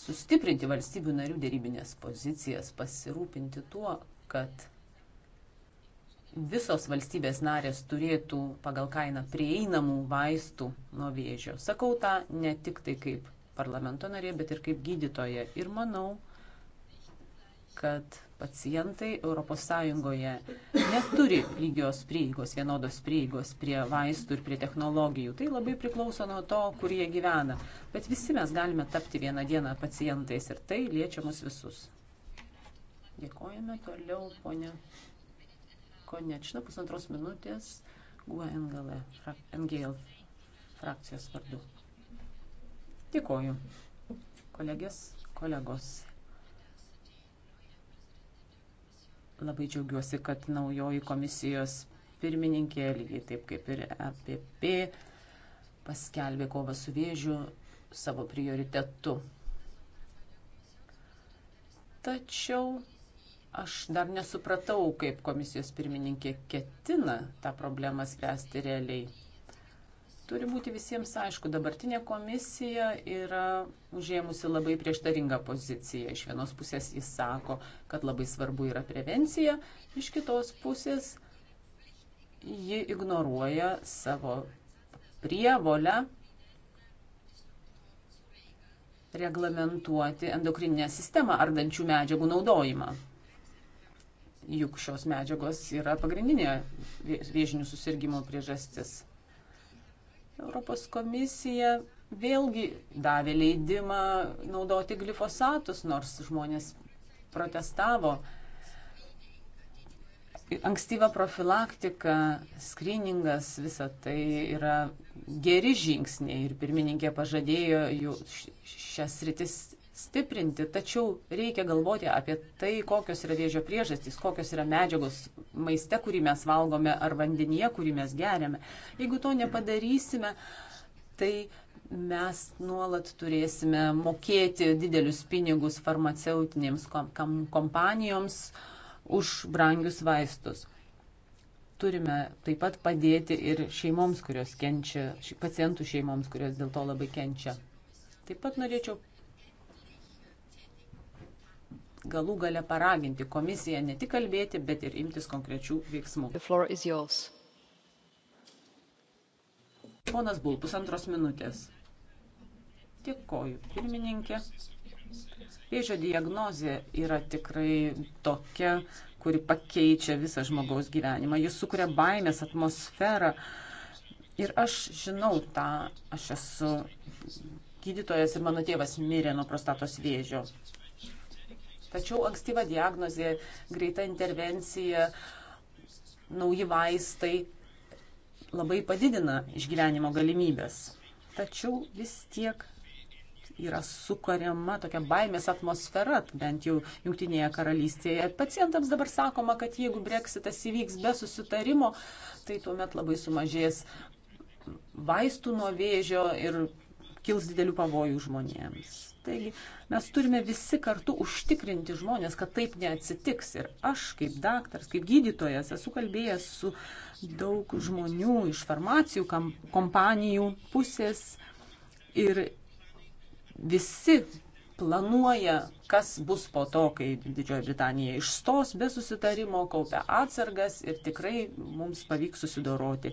sustiprinti valstybių narių dėrybinės pozicijas, pasirūpinti tuo, kad visos valstybės narės turėtų pagal kainą prieinamų vaistų nuo vėžio. Sakau tą ne tik tai kaip parlamento narė, bet ir kaip gydytoja. Ir manau, kad pacientai ES neturi lygios prieigos, vienodos prieigos prie vaistų ir prie technologijų. Tai labai priklauso nuo to, kur jie gyvena. Bet visi mes galime tapti vieną dieną pacientais ir tai liečia mus visus. Dėkojame toliau, ponia Konečna, pusantros minutės, GUNGL frakcijos vardu. Dėkoju. Kolegės, kolegos. Labai džiaugiuosi, kad naujoji komisijos pirmininkė, lygiai taip kaip ir APP, paskelbė kovą su vėžiu savo prioritetu. Tačiau aš dar nesupratau, kaip komisijos pirmininkė ketina tą problemą spręsti realiai. Turi būti visiems aišku, dabartinė komisija yra užėmusi labai prieštaringą poziciją. Iš vienos pusės jis sako, kad labai svarbu yra prevencija, iš kitos pusės ji ignoruoja savo prievolę reglamentuoti endokrininę sistemą ardančių medžiagų naudojimą. Juk šios medžiagos yra pagrindinė vėžinių susirgymo priežastis. Europos komisija vėlgi davė leidimą naudoti glifosatus, nors žmonės protestavo. Ankstyva profilaktika, skriningas, visa tai yra geri žingsniai ir pirmininkė pažadėjo jų šias rytis stiprinti, tačiau reikia galvoti apie tai, kokios yra vėžio priežastys, kokios yra medžiagos maiste, kurį mes valgome, ar vandenyje, kurį mes geriame. Jeigu to nepadarysime, tai mes nuolat turėsime mokėti didelius pinigus farmaceutinėms kompanijoms už brangius vaistus. Turime taip pat padėti ir šeimoms, kurios kenčia, pacientų šeimoms, kurios dėl to labai kenčia. Taip pat norėčiau galų gale paraginti komisiją ne tik kalbėti, bet ir imtis konkrečių veiksmų. Ponas Bul, pusantros minutės. Dėkoju, pirmininkė. Vėžio diagnozė yra tikrai tokia, kuri pakeičia visą žmogaus gyvenimą. Jis sukuria baimės atmosferą. Ir aš žinau tą, aš esu gydytojas ir mano tėvas mirė nuo prostatos vėžio. Tačiau ankstyva diagnozė, greita intervencija, nauji vaistai labai padidina išgyvenimo galimybės. Tačiau vis tiek yra sukariama tokia baimės atmosfera, bent jau Junktinėje karalystėje. Pacientams dabar sakoma, kad jeigu breksitas įvyks be susitarimo, tai tuomet labai sumažės vaistų nuo vėžio ir kils didelių pavojų žmonėms. Taigi mes turime visi kartu užtikrinti žmonės, kad taip neatsitiks. Ir aš kaip daktaras, kaip gydytojas esu kalbėjęs su daug žmonių iš farmacijų kompanijų pusės ir visi planuoja, kas bus po to, kai Didžioji Britanija išstos be susitarimo, kaupia atsargas ir tikrai mums pavyks susidoroti.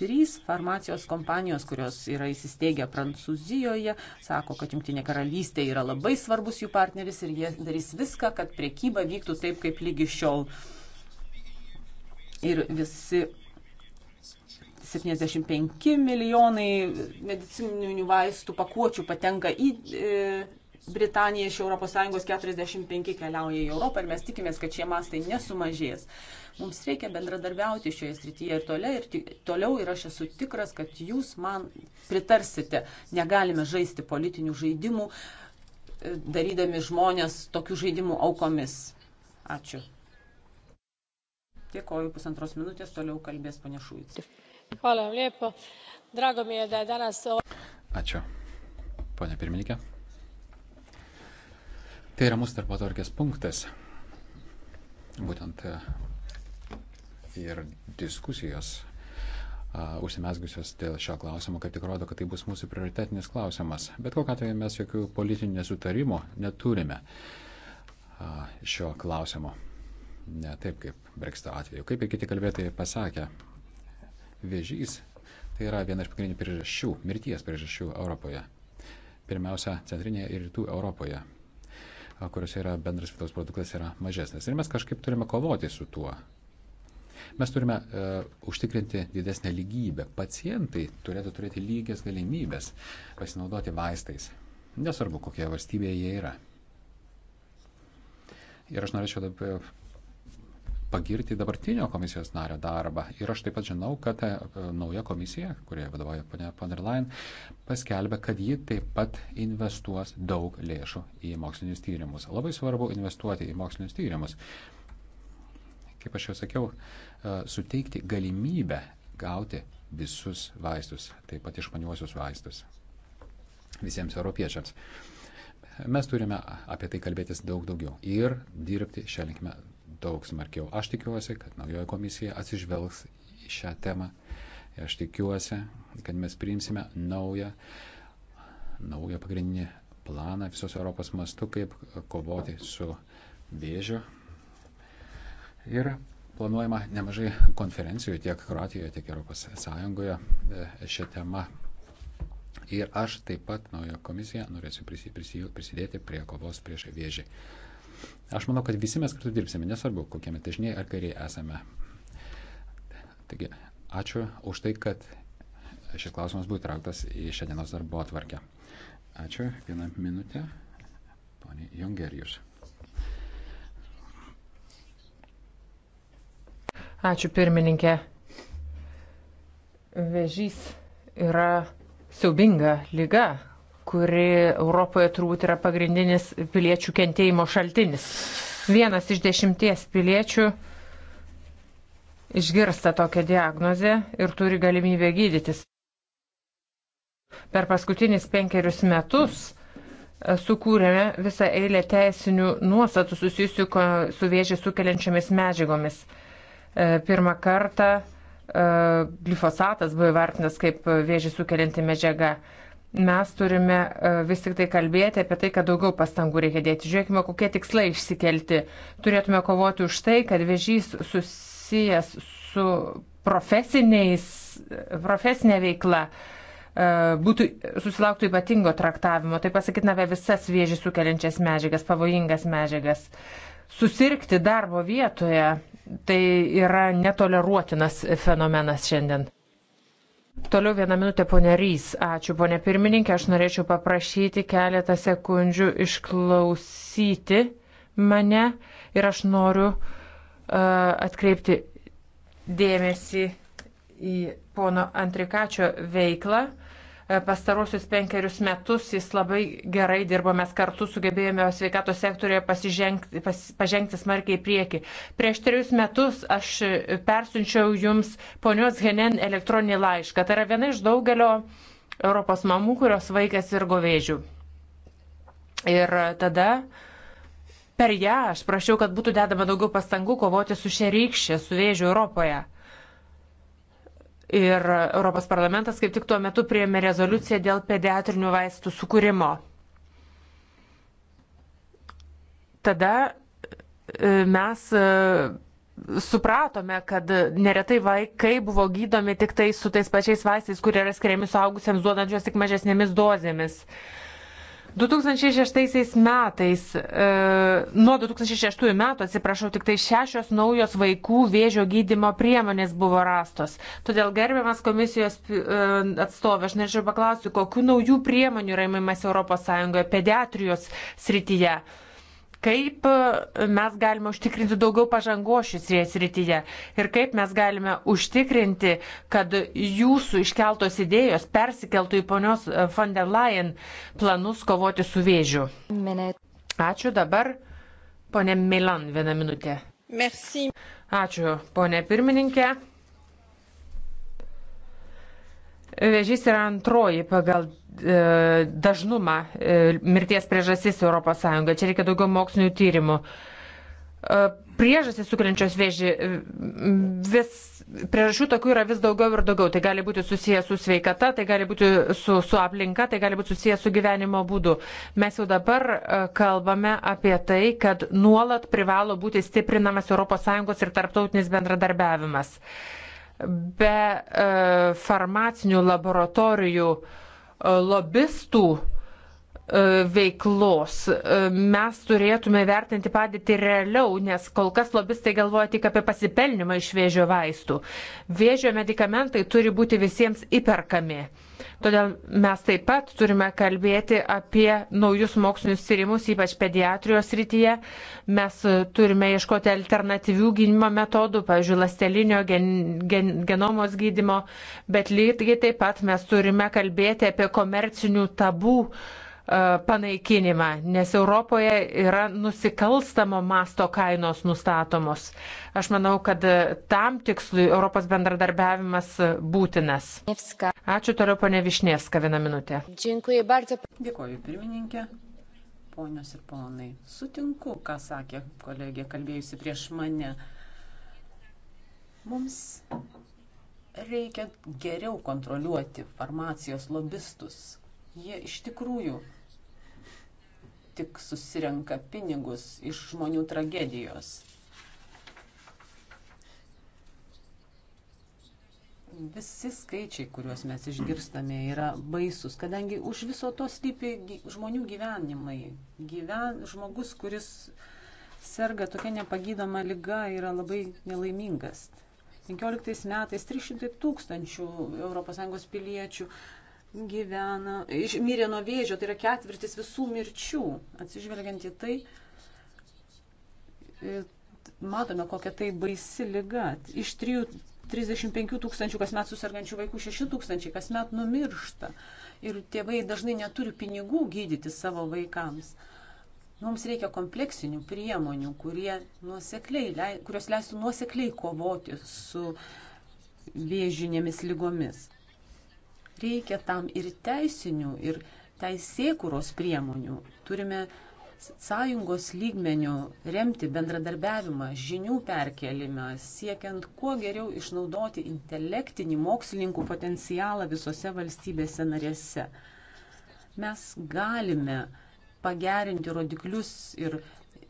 Trys farmacijos kompanijos, kurios yra įsisteigę Prancūzijoje, sako, kad Junktinė karalystė yra labai svarbus jų partneris ir jie darys viską, kad priekyba vyktų taip, kaip lygi šiol. Ir visi 75 milijonai medicininių vaistų pakuočių patenka į e, Britanija iš ES 45 keliauja į Europą ir mes tikimės, kad šie mastai nesumažės. Mums reikia bendradarbiauti šioje srityje ir toliau ir, toliau ir aš esu tikras, kad jūs man pritarsite. Negalime žaisti politinių žaidimų, e, darydami žmonės tokių žaidimų aukomis. Ačiū. Dėkoju pusantros minutės, toliau kalbės ponia Šuicė. Ačiū, ponia pirmininkė. Tai yra mūsų darbo tvarkės punktas. Būtent e, ir diskusijos užsimesgusios dėl šio klausimo, kaip tik rodo, kad tai bus mūsų prioritetinis klausimas. Bet kokiu atveju mes jokių politinių nesutarimų neturime šio klausimo. Ne taip kaip Brexito atveju. Kaip ir kiti kalbėtojai pasakė, vėžys tai yra viena iš pagrindinių priežasčių, mirties priežasčių Europoje. Pirmiausia, centrinėje ir rytų Europoje kuriuose yra bendras vidaus produktas yra mažesnis. Ir mes kažkaip turime kovoti su tuo. Mes turime e, užtikrinti didesnę lygybę. Pacientai turėtų turėti lygias galimybės pasinaudoti vaistais. Nesvarbu, kokioje valstybėje jie yra. Ir aš norėčiau dabar pagirti dabartinio komisijos nario darbą. Ir aš taip pat žinau, kad e, nauja komisija, kurioje vadovauja ponė von der Leyen, paskelbė, kad ji taip pat investuos daug lėšų į mokslinius tyrimus. Labai svarbu investuoti į mokslinius tyrimus. Kaip aš jau sakiau, e, suteikti galimybę gauti visus vaistus, taip pat išmaniuosius vaistus visiems europiečiams. Mes turime apie tai kalbėtis daug daugiau ir dirbti šią linkmę daug smarkiau. Aš tikiuosi, kad naujoji komisija atsižvelgs į šią temą. Aš tikiuosi, kad mes priimsime naują, naują pagrindinį planą visos Europos mastu, kaip kovoti su vėžiu. Ir planuojama nemažai konferencijų tiek Kroatijoje, tiek Europos Sąjungoje e, šią temą. Ir aš taip pat naujo komisiją norėsiu prisidėti prie kovos prieš vėžį. Aš manau, kad visi mes kartu dirbsime, nesvarbu, kokie mes dešiniai ar kairiai esame. Taigi, ačiū už tai, kad šis klausimas buvo įtrauktas į šiandienos darbo atvarkę. Ačiū. Vieną minutę. Pone Jongerijus. Ačiū pirmininkė. Vežys yra siaubinga lyga, kuri Europoje turbūt yra pagrindinis piliečių kentėjimo šaltinis. Vienas iš dešimties piliečių išgirsta tokią diagnozę ir turi galimybę gydytis. Per paskutinis penkerius metus e, sukūrėme visą eilę teisinių nuostatų susijusių su vėžį sukeliančiamis medžiagomis. E, pirmą kartą e, glifosatas buvo įvertinas kaip vėžį sukelianti medžiaga mes turime e, vis tik tai kalbėti apie tai, kad daugiau pastangų reikia dėti. Žiūrėkime, kokie tikslai išsikelti. Turėtume kovoti už tai, kad vežys susijęs su profesinė veikla e, būtų susilauktų ypatingo traktavimo. Tai pasakytume apie visas vėžį sukeliančias medžiagas, pavojingas medžiagas. Susirgti darbo vietoje tai yra netoleruotinas fenomenas šiandien. Toliau vieną minutę, ponė Rys. Ačiū, ponė pirmininkė. Aš norėčiau paprašyti keletą sekundžių išklausyti mane ir aš noriu uh, atkreipti dėmesį į pono Antrikačio veiklą. E, pastarosius penkerius metus jis labai gerai dirbo, mes kartu sugebėjome sveikatos sektorioje pas, pažengti smarkiai į priekį. Prieš trejus metus aš persiunčiau jums ponios Henen elektroninį laišką. Tai yra viena iš daugelio Europos mamų, kurios vaikas ir govėžių. Ir tada per ją aš prašiau, kad būtų dedama daugiau pastangų kovoti su šia rykščia, su vėžiu Europoje. Ir Europos parlamentas kaip tik tuo metu prieėmė rezoliuciją dėl pediatrinių vaistų sukūrimo. Tada e, mes e, supratome, kad neretai vaikai buvo gydomi tik tai su tais pačiais vaistais, kurie yra skiriami suaugusiems duodančios tik mažesnėmis dozėmis. Uh, 2006 metais, e, nuo 2006 metų, atsiprašau, tik tai šešios naujos vaikų vėžio gydimo priemonės buvo rastos. Todėl gerbiamas komisijos e, atstovė, aš norėčiau paklausti, kokiu naujų priemonių yra įmamas ES pediatrijos srityje kaip e, mes galime užtikrinti daugiau pažangos šis srityje ir kaip mes galime užtikrinti, kad jūsų iškeltos idėjos persikeltų į ponios e, von der Leyen planus kovoti su vėžiu. Ačiū dabar, ponė Milan, vieną minutę. Merci. Ačiū, ponė pirmininkė. Vėžys yra antroji pagal E, dažnumą e, mirties priežasis ES. Čia reikia daugiau mokslinių tyrimų. E, priežasis sukrenčios vėžį vis. Priežasčių tokių yra vis daugiau ir daugiau. Tai gali būti susijęs su sveikata, tai gali būti su, su aplinka, tai gali būti susijęs su gyvenimo būdu. Mes jau dabar kalbame apie tai, kad nuolat privalo būti stiprinamas ES ir tarptautinis bendradarbiavimas. Be e, farmacinių laboratorijų e, E, lobistų e, veiklos. E, mes turėtume vertinti padėtį realiau, nes kol kas lobistai galvoja tik apie pasipelnimą iš vėžio vaistų. Vėžio medikamentai turi būti visiems įperkami. Todėl mes taip pat turime kalbėti apie naujus mokslinius tyrimus, ypač pediatrijos rytyje. Mes turime ieškoti alternatyvių gynimo metodų, pavyzdžiui, lastelinio gen, gen, genomos gydimo, bet lygiai taip pat mes turime kalbėti apie komercinių tabų uh, E, panaikinimą, nes Europoje yra nusikalstamo masto kainos nustatomos. Aš manau, kad tam tikslui Europos bendradarbiavimas būtinas. Ačiū toliau, ponė Višnieska, vieną minutę. Dėkuoju, pirmininkė. Ponios ir ponai, sutinku, ką sakė kolegė kalbėjusi prieš mane. Mums reikia geriau kontroliuoti farmacijos lobistus. Jie iš tikrųjų tik susirenka pinigus iš žmonių tragedijos. Visi skaičiai, kuriuos mes išgirstame, yra baisus, kadangi už viso to slypi žmonių gyvenimai. Gyven, žmogus, kuris serga tokia nepagydoma lyga, yra labai nelaimingas. 15 metais 300 tūkstančių ES piliečių gyvena, mirė nuo vėžio, tai yra ketvirtis visų mirčių. Atsižvelgiant į tai, matome, kokia tai baisi lyga. Iš 3, 35 tūkstančių kasmet susirgančių vaikų 6 tūkstančiai kasmet numiršta. Ir tėvai dažnai neturi pinigų gydyti savo vaikams. Mums reikia kompleksinių priemonių, kurios leistų nuosekliai kovoti su vėžinėmis lygomis reikia tam ir teisinių, ir teisėkuros priemonių. Turime sąjungos lygmenių remti bendradarbiavimą, žinių perkelimą, siekiant kuo geriau išnaudoti intelektinį mokslininkų potencialą visose valstybėse narėse. Mes galime pagerinti rodiklius ir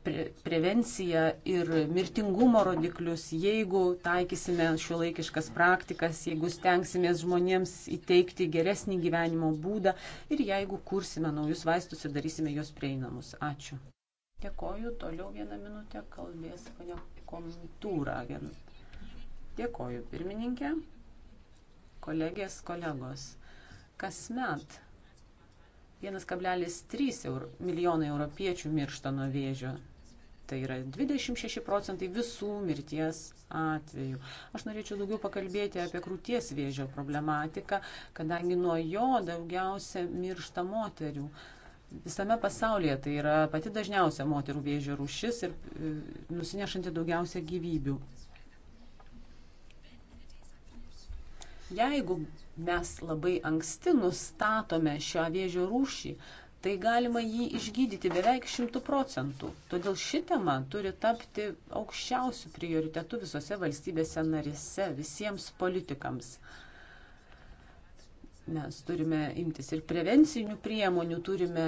pre, prevenciją ir mirtingumo rodiklius, jeigu taikysime šiuolaikiškas praktikas, jeigu stengsimės žmonėms įteikti geresnį gyvenimo būdą ir jeigu kursime naujus vaistus ir darysime juos prieinamus. Ačiū. Dėkoju. Toliau vieną minutę kalbės ponia Komtūra. Dėkoju, pirmininkė, kolegės, kolegos. Kasmet 1,3 milijonai europiečių miršta nuo vėžio tai yra 26 procentai visų mirties atvejų. Aš norėčiau daugiau pakalbėti apie krūties vėžio problematiką, kadangi nuo jo daugiausia miršta moterių. Visame pasaulyje tai yra pati dažniausia moterų vėžio rūšis ir e, nusinešanti daugiausia gyvybių. Jeigu mes labai anksti nustatome šią vėžio rūšį, tai galima jį išgydyti beveik šimtų procentų. Todėl ši tema turi tapti aukščiausių prioritetų visose valstybėse narise, visiems politikams. Mes turime imtis ir prevencinių priemonių, turime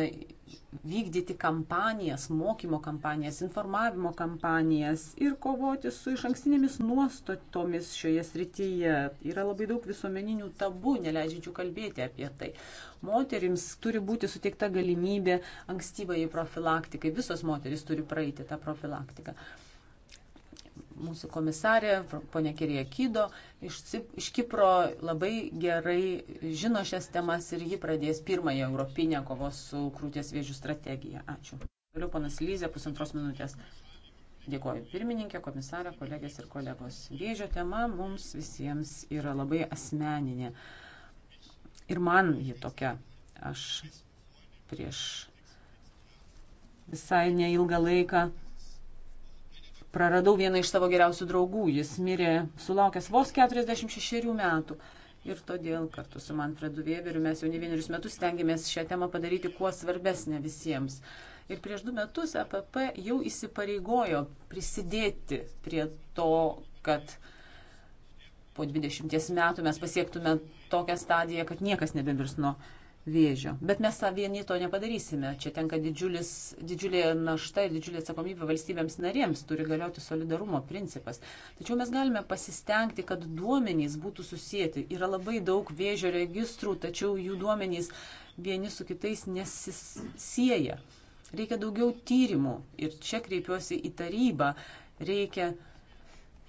vykdyti kampanijas, mokymo kampanijas, informavimo kampanijas ir kovoti su iš ankstinėmis nuostatomis šioje srityje. Yra labai daug visuomeninių tabų, neleidžiančių kalbėti apie tai. Moterims turi būti suteikta galimybė ankstyvai profilaktikai. Visos moteris turi praeiti tą profilaktiką. Uh, mūsų komisarė, ponė Kirija Kydo, iš, iš Kipro labai gerai žino šias temas ir ji pradės pirmąją europinę kovos su krūties vėžių strategiją. Ačiū. Toliau ponas Lyzė, pusantros minutės. Dėkoju pirmininkė, komisarė, kolegės ir kolegos. Vėžio tema mums visiems yra labai asmeninė. Ir man ji tokia. Aš prieš visai neilgą laiką Praradau vieną iš savo geriausių draugų, jis mirė sulaukęs vos 46 metų. Ir todėl kartu su Manfredu Weberiu mes jau ne vienerius metus stengiamės šią temą padaryti kuo svarbesnę visiems. Ir prieš du metus APP jau įsipareigojo prisidėti prie to, kad po 20 metų mes pasiektume tokią stadiją, kad niekas nebemirs nuo vėžio. Bet mes vieni to nepadarysime. Čia tenka didžiulis, didžiulė našta ir didžiulė atsakomybė valstybėms narėms, turi galioti solidarumo principas. Tačiau mes galime pasistengti, kad duomenys būtų susijęti. Yra labai daug vėžio registrų, tačiau jų duomenys vieni su kitais nesisieja. Reikia daugiau tyrimų ir čia kreipiuosi į tarybą. Reikia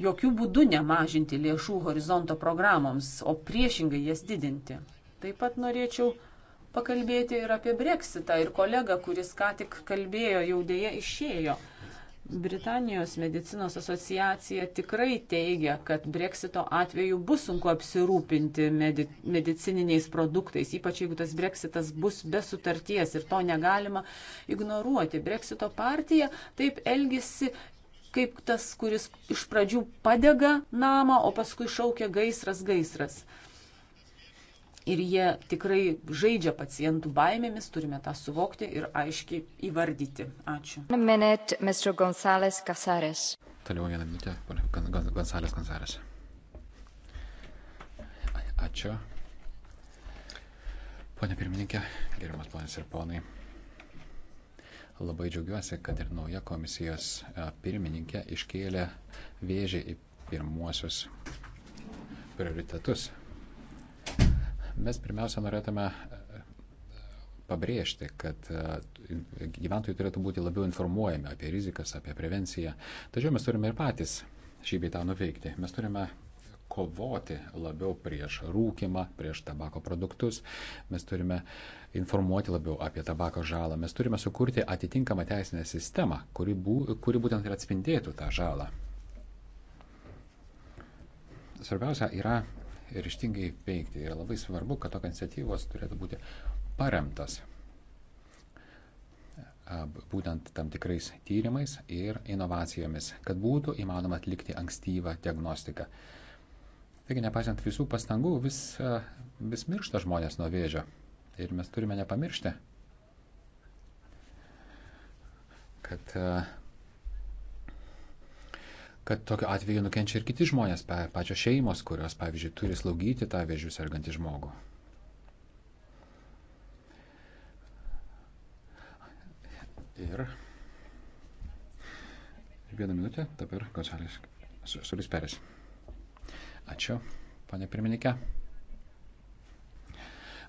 jokių būdų nemažinti lėšų horizonto programoms, o priešingai jas didinti. Taip pat norėčiau pakalbėti ir apie breksitą. Ir kolega, kuris ką tik kalbėjo, jau dėja išėjo. Britanijos medicinos asociacija tikrai teigia, kad breksito atveju bus sunku apsirūpinti medi medicininiais produktais, ypač jeigu tas breksitas bus be sutarties ir to negalima ignoruoti. Breksito partija taip elgesi kaip tas, kuris iš pradžių padega namą, o paskui šaukia gaisras, gaisras ir jie tikrai žaidžia pacientų baimėmis, turime tą suvokti ir aiškiai įvardyti. Ačiū. Minute, Mr. Gonzales Casares. Toliau vieną minutę, ponė Gonzales Casares. Ačiū. Pone pirmininkė, gerimas ponas ir ponai. Labai džiaugiuosi, kad ir nauja komisijos e, pirmininkė iškėlė vėžį į pirmuosius prioritetus Mes pirmiausia norėtume e, pabrėžti, kad e, gyventojai turėtų būti labiau informuojami apie rizikas, apie prevenciją. Tačiau mes turime ir patys šį beitą nuveikti. Mes turime kovoti labiau prieš rūkimą, prieš tabako produktus, mes turime informuoti labiau apie tabako žalą, mes turime sukurti atitinkamą teisinę sistemą, kuri, bū, kuri būtent ir atspindėtų tą žalą. Svarbiausia yra ryštingai veikti. Ir labai svarbu, kad tokios iniciatyvos turėtų būti paremtas būtent tam tikrais tyrimais ir inovacijomis, kad būtų įmanoma atlikti ankstyvą diagnostiką. Taigi, nepaisant visų pastangų, vis, vis miršta žmonės nuo vėžio. Ir mes turime nepamiršti, kad kad tokiu atveju nukenčia ir kiti žmonės, pačios šeimos, kurios, pavyzdžiui, turi slaugyti tą vėžių sergantį žmogų. Ir vieną minutę dabar Gonzalės Solis Peres. Ačiū, pane pirmininkė.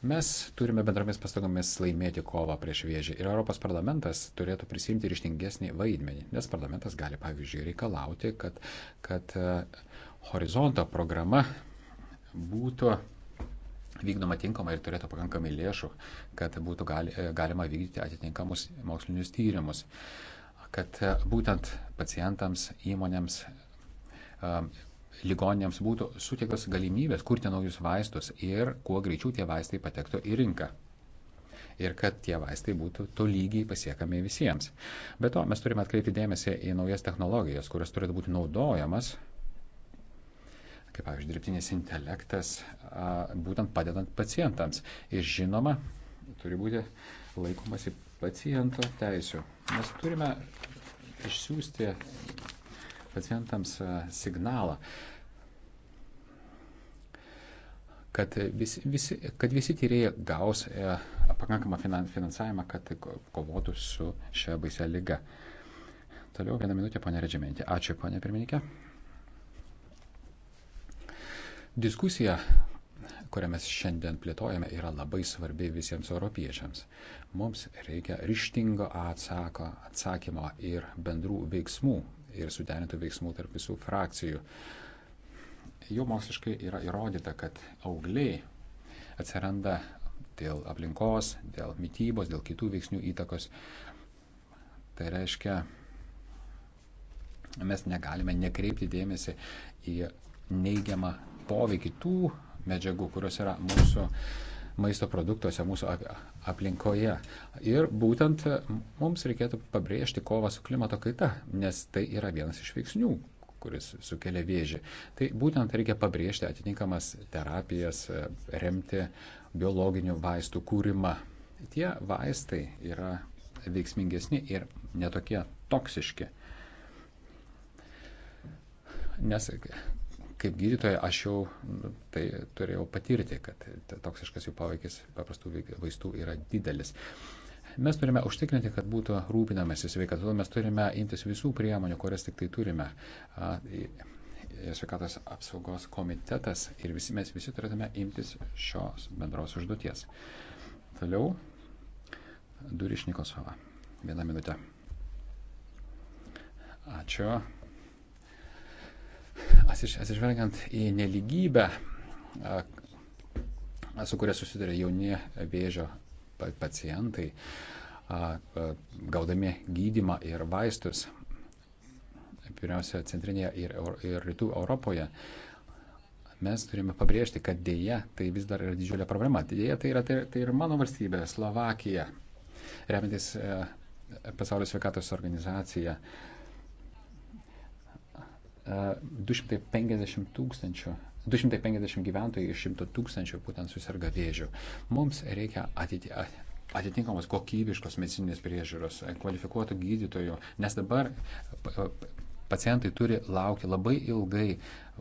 Mes turime bendromis pastangomis laimėti kovą prieš vėžį ir Europos parlamentas turėtų prisimti ryštingesnį vaidmenį, nes parlamentas gali, pavyzdžiui, reikalauti, kad, kad e, horizonto programa būtų vykdoma tinkamai ir turėtų pakankamai lėšų, kad būtų gali, e, galima vykdyti atitinkamus mokslinius tyrimus, kad e, būtent pacientams, įmonėms ligoninėms būtų suteiktos galimybės kurti naujus vaistus ir kuo greičiau tie vaistai patektų į rinką. Ir kad tie vaistai būtų tolygiai pasiekami visiems. Be to, mes turime atkreipti dėmesį į naujas technologijas, kurios turėtų būti naudojamas, kaip, pavyzdžiui, dirbtinis intelektas, būtent padedant pacientams. Ir žinoma, turi būti laikomasi paciento teisų. Mes turime išsiųsti pacientams e, signalą, kad visi, visi, kad visi tyrėjai gaus e, pakankamą finansavimą, kad kovotų su šia baisia lyga. Toliau vieną minutę, ponė Redžimenti. Ačiū, ponė pirmininkė. Diskusija, kurią mes šiandien plėtojame, yra labai svarbi visiems europiečiams. Mums reikia ryštingo atsako, atsakymo ir bendrų veiksmų ir suderintų veiksmų tarp visų frakcijų. Jau moksliškai yra įrodyta, kad augliai atsiranda dėl aplinkos, dėl mytybos, dėl kitų veiksnių įtakos. Tai reiškia, mes negalime nekreipti dėmesį į neigiamą poveikį tų medžiagų, kurios yra mūsų maisto produktuose, mūsų aplinkoje. Ir būtent e, mums reikėtų pabrėžti kovą su klimato kaita, nes tai yra vienas iš veiksnių, kuris sukelia vėžį. Tai būtent reikia pabrėžti atitinkamas terapijas, e, remti biologinių vaistų kūrimą. Tie vaistai yra veiksmingesni ir netokie toksiški. Nes kaip gydytoja aš jau nu, tai turėjau patirti, kad toksiškas jų poveikis paprastų vaistų yra didelis. Mes turime užtikrinti, kad būtų rūpinamasi sveikata, todėl mes turime imtis visų priemonių, kurias tik tai turime. Sveikatos apsaugos komitetas ir visi mes visi turėtume imtis šios bendros užduoties. Toliau, Durišnikosova. Vieną minutę. Ačiū atsižvelgiant į neligybę, su kuria susiduria jauni vėžio pacientai, gaudami gydimą ir vaistus, pirmiausia, centrinėje ir, ir rytų Europoje, mes turime pabrėžti, kad dėja tai vis dar yra didžiulė problema. Dėja tai yra tai, tai ir mano valstybė, Slovakija, remintis e, Pasaulio sveikatos organizacija. E, 250 tūkstančių 250 gyventojų iš 100 tūkstančių būtent susirga vėžių. Mums reikia atiti, atitinkamos kokybiškos medicininės priežiūros, kvalifikuotų gydytojų, nes dabar pacientai turi laukti labai ilgai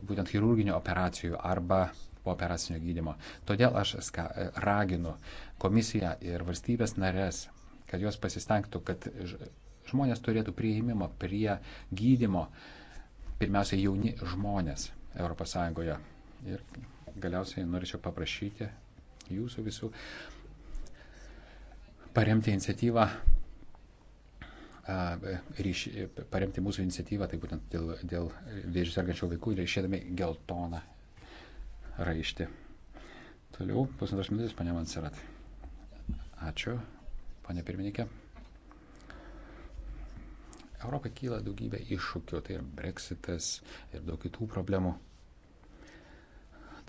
būtent chirurginio operacijų arba po operacinio gydimo. Todėl aš ska, raginu komisiją ir valstybės narės, kad jos pasistengtų, kad žmonės turėtų prieimimą prie gydimo. Uh, pirmiausia jauni žmonės ES. Ir galiausiai norėčiau paprašyti jūsų visų paremti iniciatyvą, ryš, paremti mūsų iniciatyvą, tai būtent dėl, dėl vėžių sergančių vaikų ir išėdami geltoną raištį. Toliau pusantros minutės, panė Manserat. Ačiū, panė pirmininkė. Europai kyla daugybė iššūkių, tai ir breksitas, ir daug kitų problemų.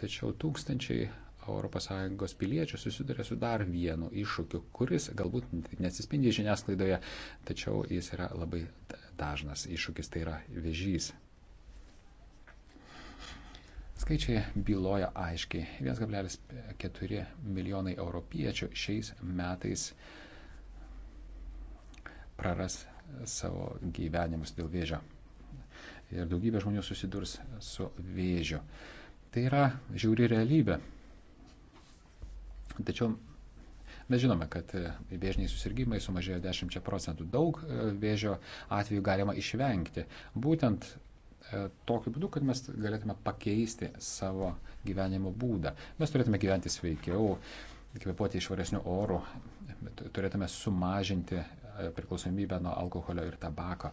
Tačiau tūkstančiai ES piliečių susiduria su dar vienu iššūkiu, kuris galbūt nesispindi žiniasklaidoje, tačiau jis yra labai dažnas iššūkis, tai yra vėžys. Skaičiai byloja aiškiai. 1,4 milijonai europiečių šiais metais praras savo gyvenimus dėl vėžio. Ir daugybė žmonių susidurs su vėžiu. Tai yra žiauri realybė. Tačiau mes žinome, kad vėžiniai susirgymai sumažėjo 10 procentų. Daug e, vėžio atvejų galima išvengti. Būtent e, tokiu būdu, kad mes galėtume pakeisti savo gyvenimo būdą. Mes turėtume gyventi sveikiau, kvepuoti išvaresnių orų, turėtume sumažinti priklausomybę nuo alkoholio ir tabako.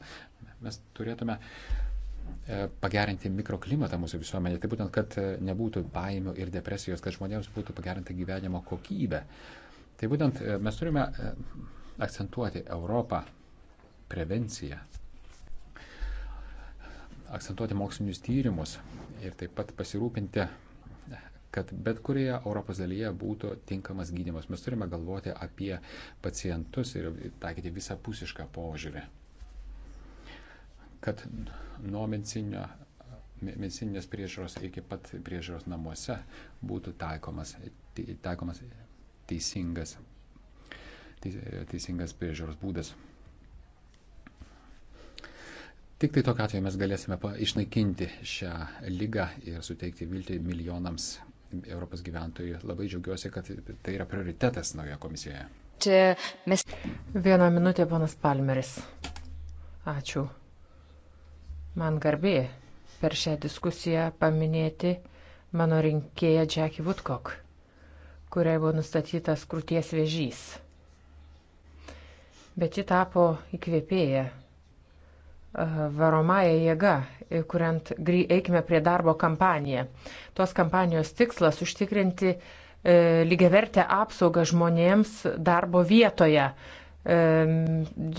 Mes turėtume e, pagerinti mikroklimatą mūsų visuomenėje. Tai būtent, kad e, nebūtų baimių ir depresijos, kad žmonėms būtų pagerinta gyvenimo kokybė. Tai būtent e, mes turime akcentuoti Europą prevenciją, akcentuoti mokslinius tyrimus ir taip pat pasirūpinti kad bet kurioje Europos dalyje būtų tinkamas gydimas. Mes turime galvoti apie pacientus ir taikyti visapusišką požiūrį. Kad nuo medicinio medicininės priežiūros iki pat priežiūros namuose būtų taikomas, taikomas teisingas, teisingas priežiūros būdas. Tik tai tokia atveju mes galėsime išnaikinti šią lygą ir suteikti viltį milijonams Europos gyventojų. Labai džiaugiuosi, kad tai yra prioritetas naujoje komisijoje. Čia mes. Vieną minutę, panas Palmeris. Ačiū. Man garbė per šią diskusiją paminėti mano rinkėją Jackie Woodcock, kuriai buvo nustatytas krūties vėžys. Bet ji tapo įkvėpėja varomąją jėgą, e, kuriant eikime prie darbo kampaniją. Tos kampanijos tikslas užtikrinti e, lygiavertę apsaugą žmonėms darbo vietoje. E,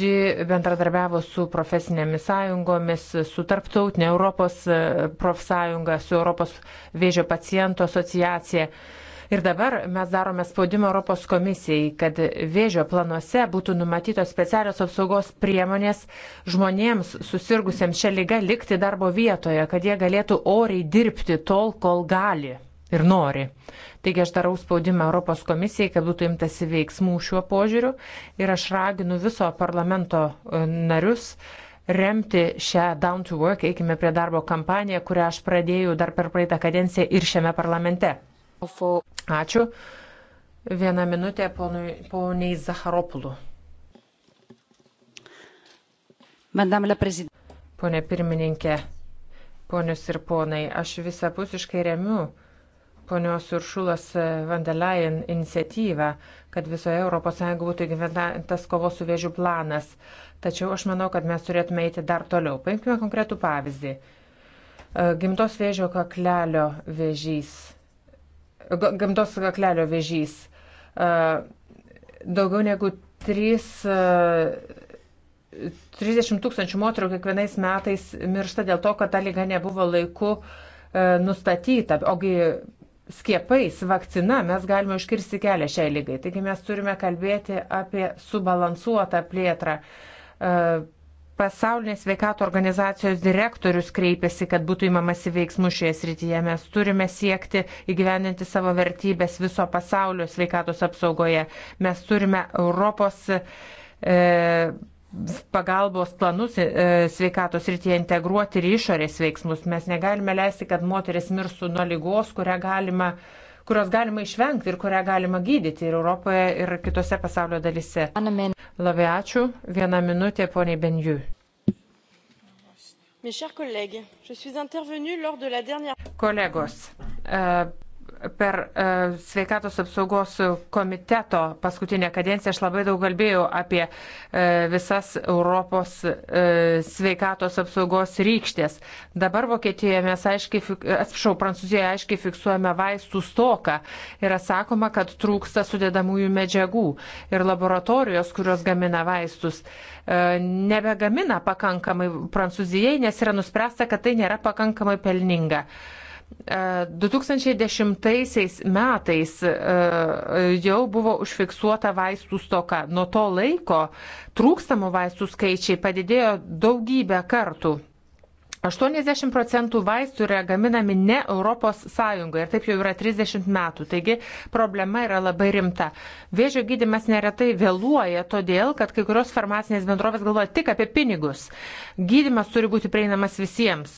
ji bendradarbiavo su profesinėmis sąjungomis, su tarptautinė Europos profsąjunga, su Europos vėžio pacientų asociacija. Ir dabar mes darome spaudimą Europos komisijai, kad vėžio planuose būtų numatytos specialios apsaugos priemonės žmonėms susirgusiems šią lygą likti darbo vietoje, kad jie galėtų oriai dirbti tol, kol gali ir nori. Taigi aš darau spaudimą Europos komisijai, kad būtų imtasi veiksmų šiuo požiūriu ir aš raginu viso parlamento e, narius remti šią Down to Work, eikime prie darbo kampaniją, kurią aš pradėjau dar per praeitą kadenciją ir šiame parlamente. Ačiū. Vieną minutę poniai Zaharopulų. Pone pirmininkė, ponios ir ponai, aš visapusiškai remiu ponios Uršulas Vandelajan iniciatyvą, kad visoje ES būtų gyventas kovos su vėžiu planas. Tačiau aš manau, kad mes turėtume eiti dar toliau. Paimkime konkretų pavyzdį. Gimtos vėžio kaklelio vėžys gamtos kaklelio vėžys. Daugiau negu 3 30 tūkstančių moterų kiekvienais metais miršta dėl to, kad ta lyga nebuvo laiku nustatyta. Ogi skiepais, vakcina mes galime užkirsti kelią šiai lygai. Taigi mes turime kalbėti apie subalansuotą plėtrą Pasaulinės sveikato organizacijos direktorius kreipėsi, kad būtų įmamasi veiksmų šioje srityje. Mes turime siekti įgyveninti savo vertybės viso pasaulio sveikatos apsaugoje. Mes turime Europos e, pagalbos planus e, sveikatos srityje integruoti ir išorės veiksmus. Mes negalime leisti, kad moteris mirstų nuo lygos, kurią galima e, kurios galima išvengti ir kurią galima gydyti ir Europoje, ir kitose pasaulio dalise. Labai ačiū. Viena minutė, poniai Benjų. Kolegos, e, per e, sveikatos apsaugos komiteto paskutinę kadenciją aš labai daug kalbėjau apie e, visas Europos e, sveikatos apsaugos rykštės. Dabar Vokietijoje mes aiškiai, atsiprašau, Prancūzijoje aiškiai fiksuojame vaistų stoką. Yra sakoma, kad trūksta sudėdamųjų medžiagų ir laboratorijos, kurios gamina vaistus, nebegamina pakankamai Prancūzijai, nes yra nuspręsta, kad tai nėra pakankamai pelninga. 2010 e, metais e, jau buvo užfiksuota vaistų stoka. Nuo to laiko trūkstamų vaistų skaičiai padidėjo daugybę kartų. 80 procentų vaistų yra gaminami ne Europos Sąjungoje ir taip jau yra 30 metų, taigi problema yra labai rimta. Vėžio gydimas neretai vėluoja todėl, kad kai kurios farmacinės bendrovės galvoja tik apie pinigus. Gydimas turi būti prieinamas visiems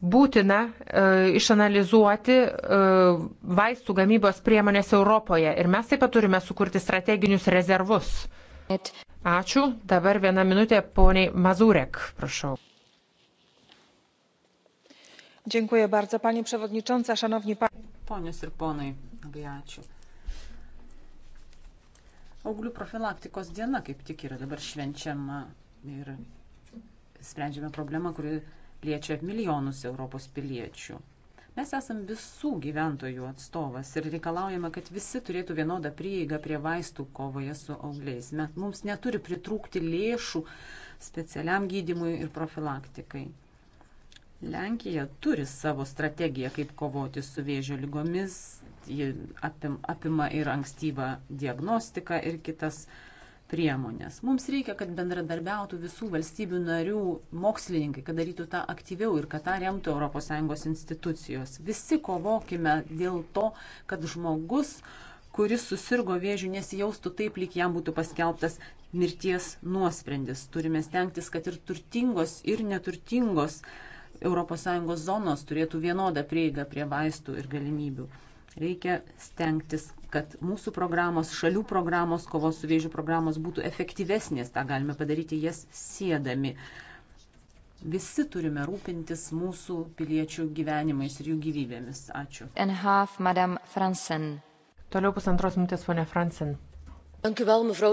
būtina e, išanalizuoti e, vaistų gamybos priemonės Europoje ir mes taip pat turime sukurti strateginius rezervus. Ačiū. Dabar viena minutė poniai Mazurek, prašau. Dziękuję bardzo, pani przewodnicząca, szanowni panie. Ponios ir ponai, labai ačiū. Auglių profilaktikos diena kaip tik yra dabar švenčiama ir sprendžiame problemą, kuri liečia milijonus Europos piliečių. Mes esam visų gyventojų atstovas ir reikalaujame, kad visi turėtų vienodą prieigą prie vaistų kovoje su augliais. Mums neturi pritrūkti lėšų specialiam gydimui ir profilaktikai. Lenkija turi savo strategiją, kaip kovoti su vėžio lygomis. Ji apima ir ankstyvą diagnostiką ir kitas uh, priemonės. Mums reikia, kad bendradarbiautų visų valstybių narių mokslininkai, kad darytų tą aktyviau ir kad tą remtų ES institucijos. Visi kovokime dėl to, kad žmogus, kuris susirgo vėžių, nesijaustų taip, lyg jam būtų paskelbtas mirties nuosprendis. Turime stengtis, kad ir turtingos, ir neturtingos ES zonos turėtų vienodą prieigą prie vaistų ir galimybių. Reikia stengtis kad mūsų programos, šalių programos, kovos su vėžiu programos būtų efektyvesnės, tą galime padaryti jas sėdami. Visi turime rūpintis mūsų piliečių gyvenimais ir jų gyvybėmis. Ačiū. Half, Toliau pusantros minutės, ponė Fransen. Dankuvel, mevrouw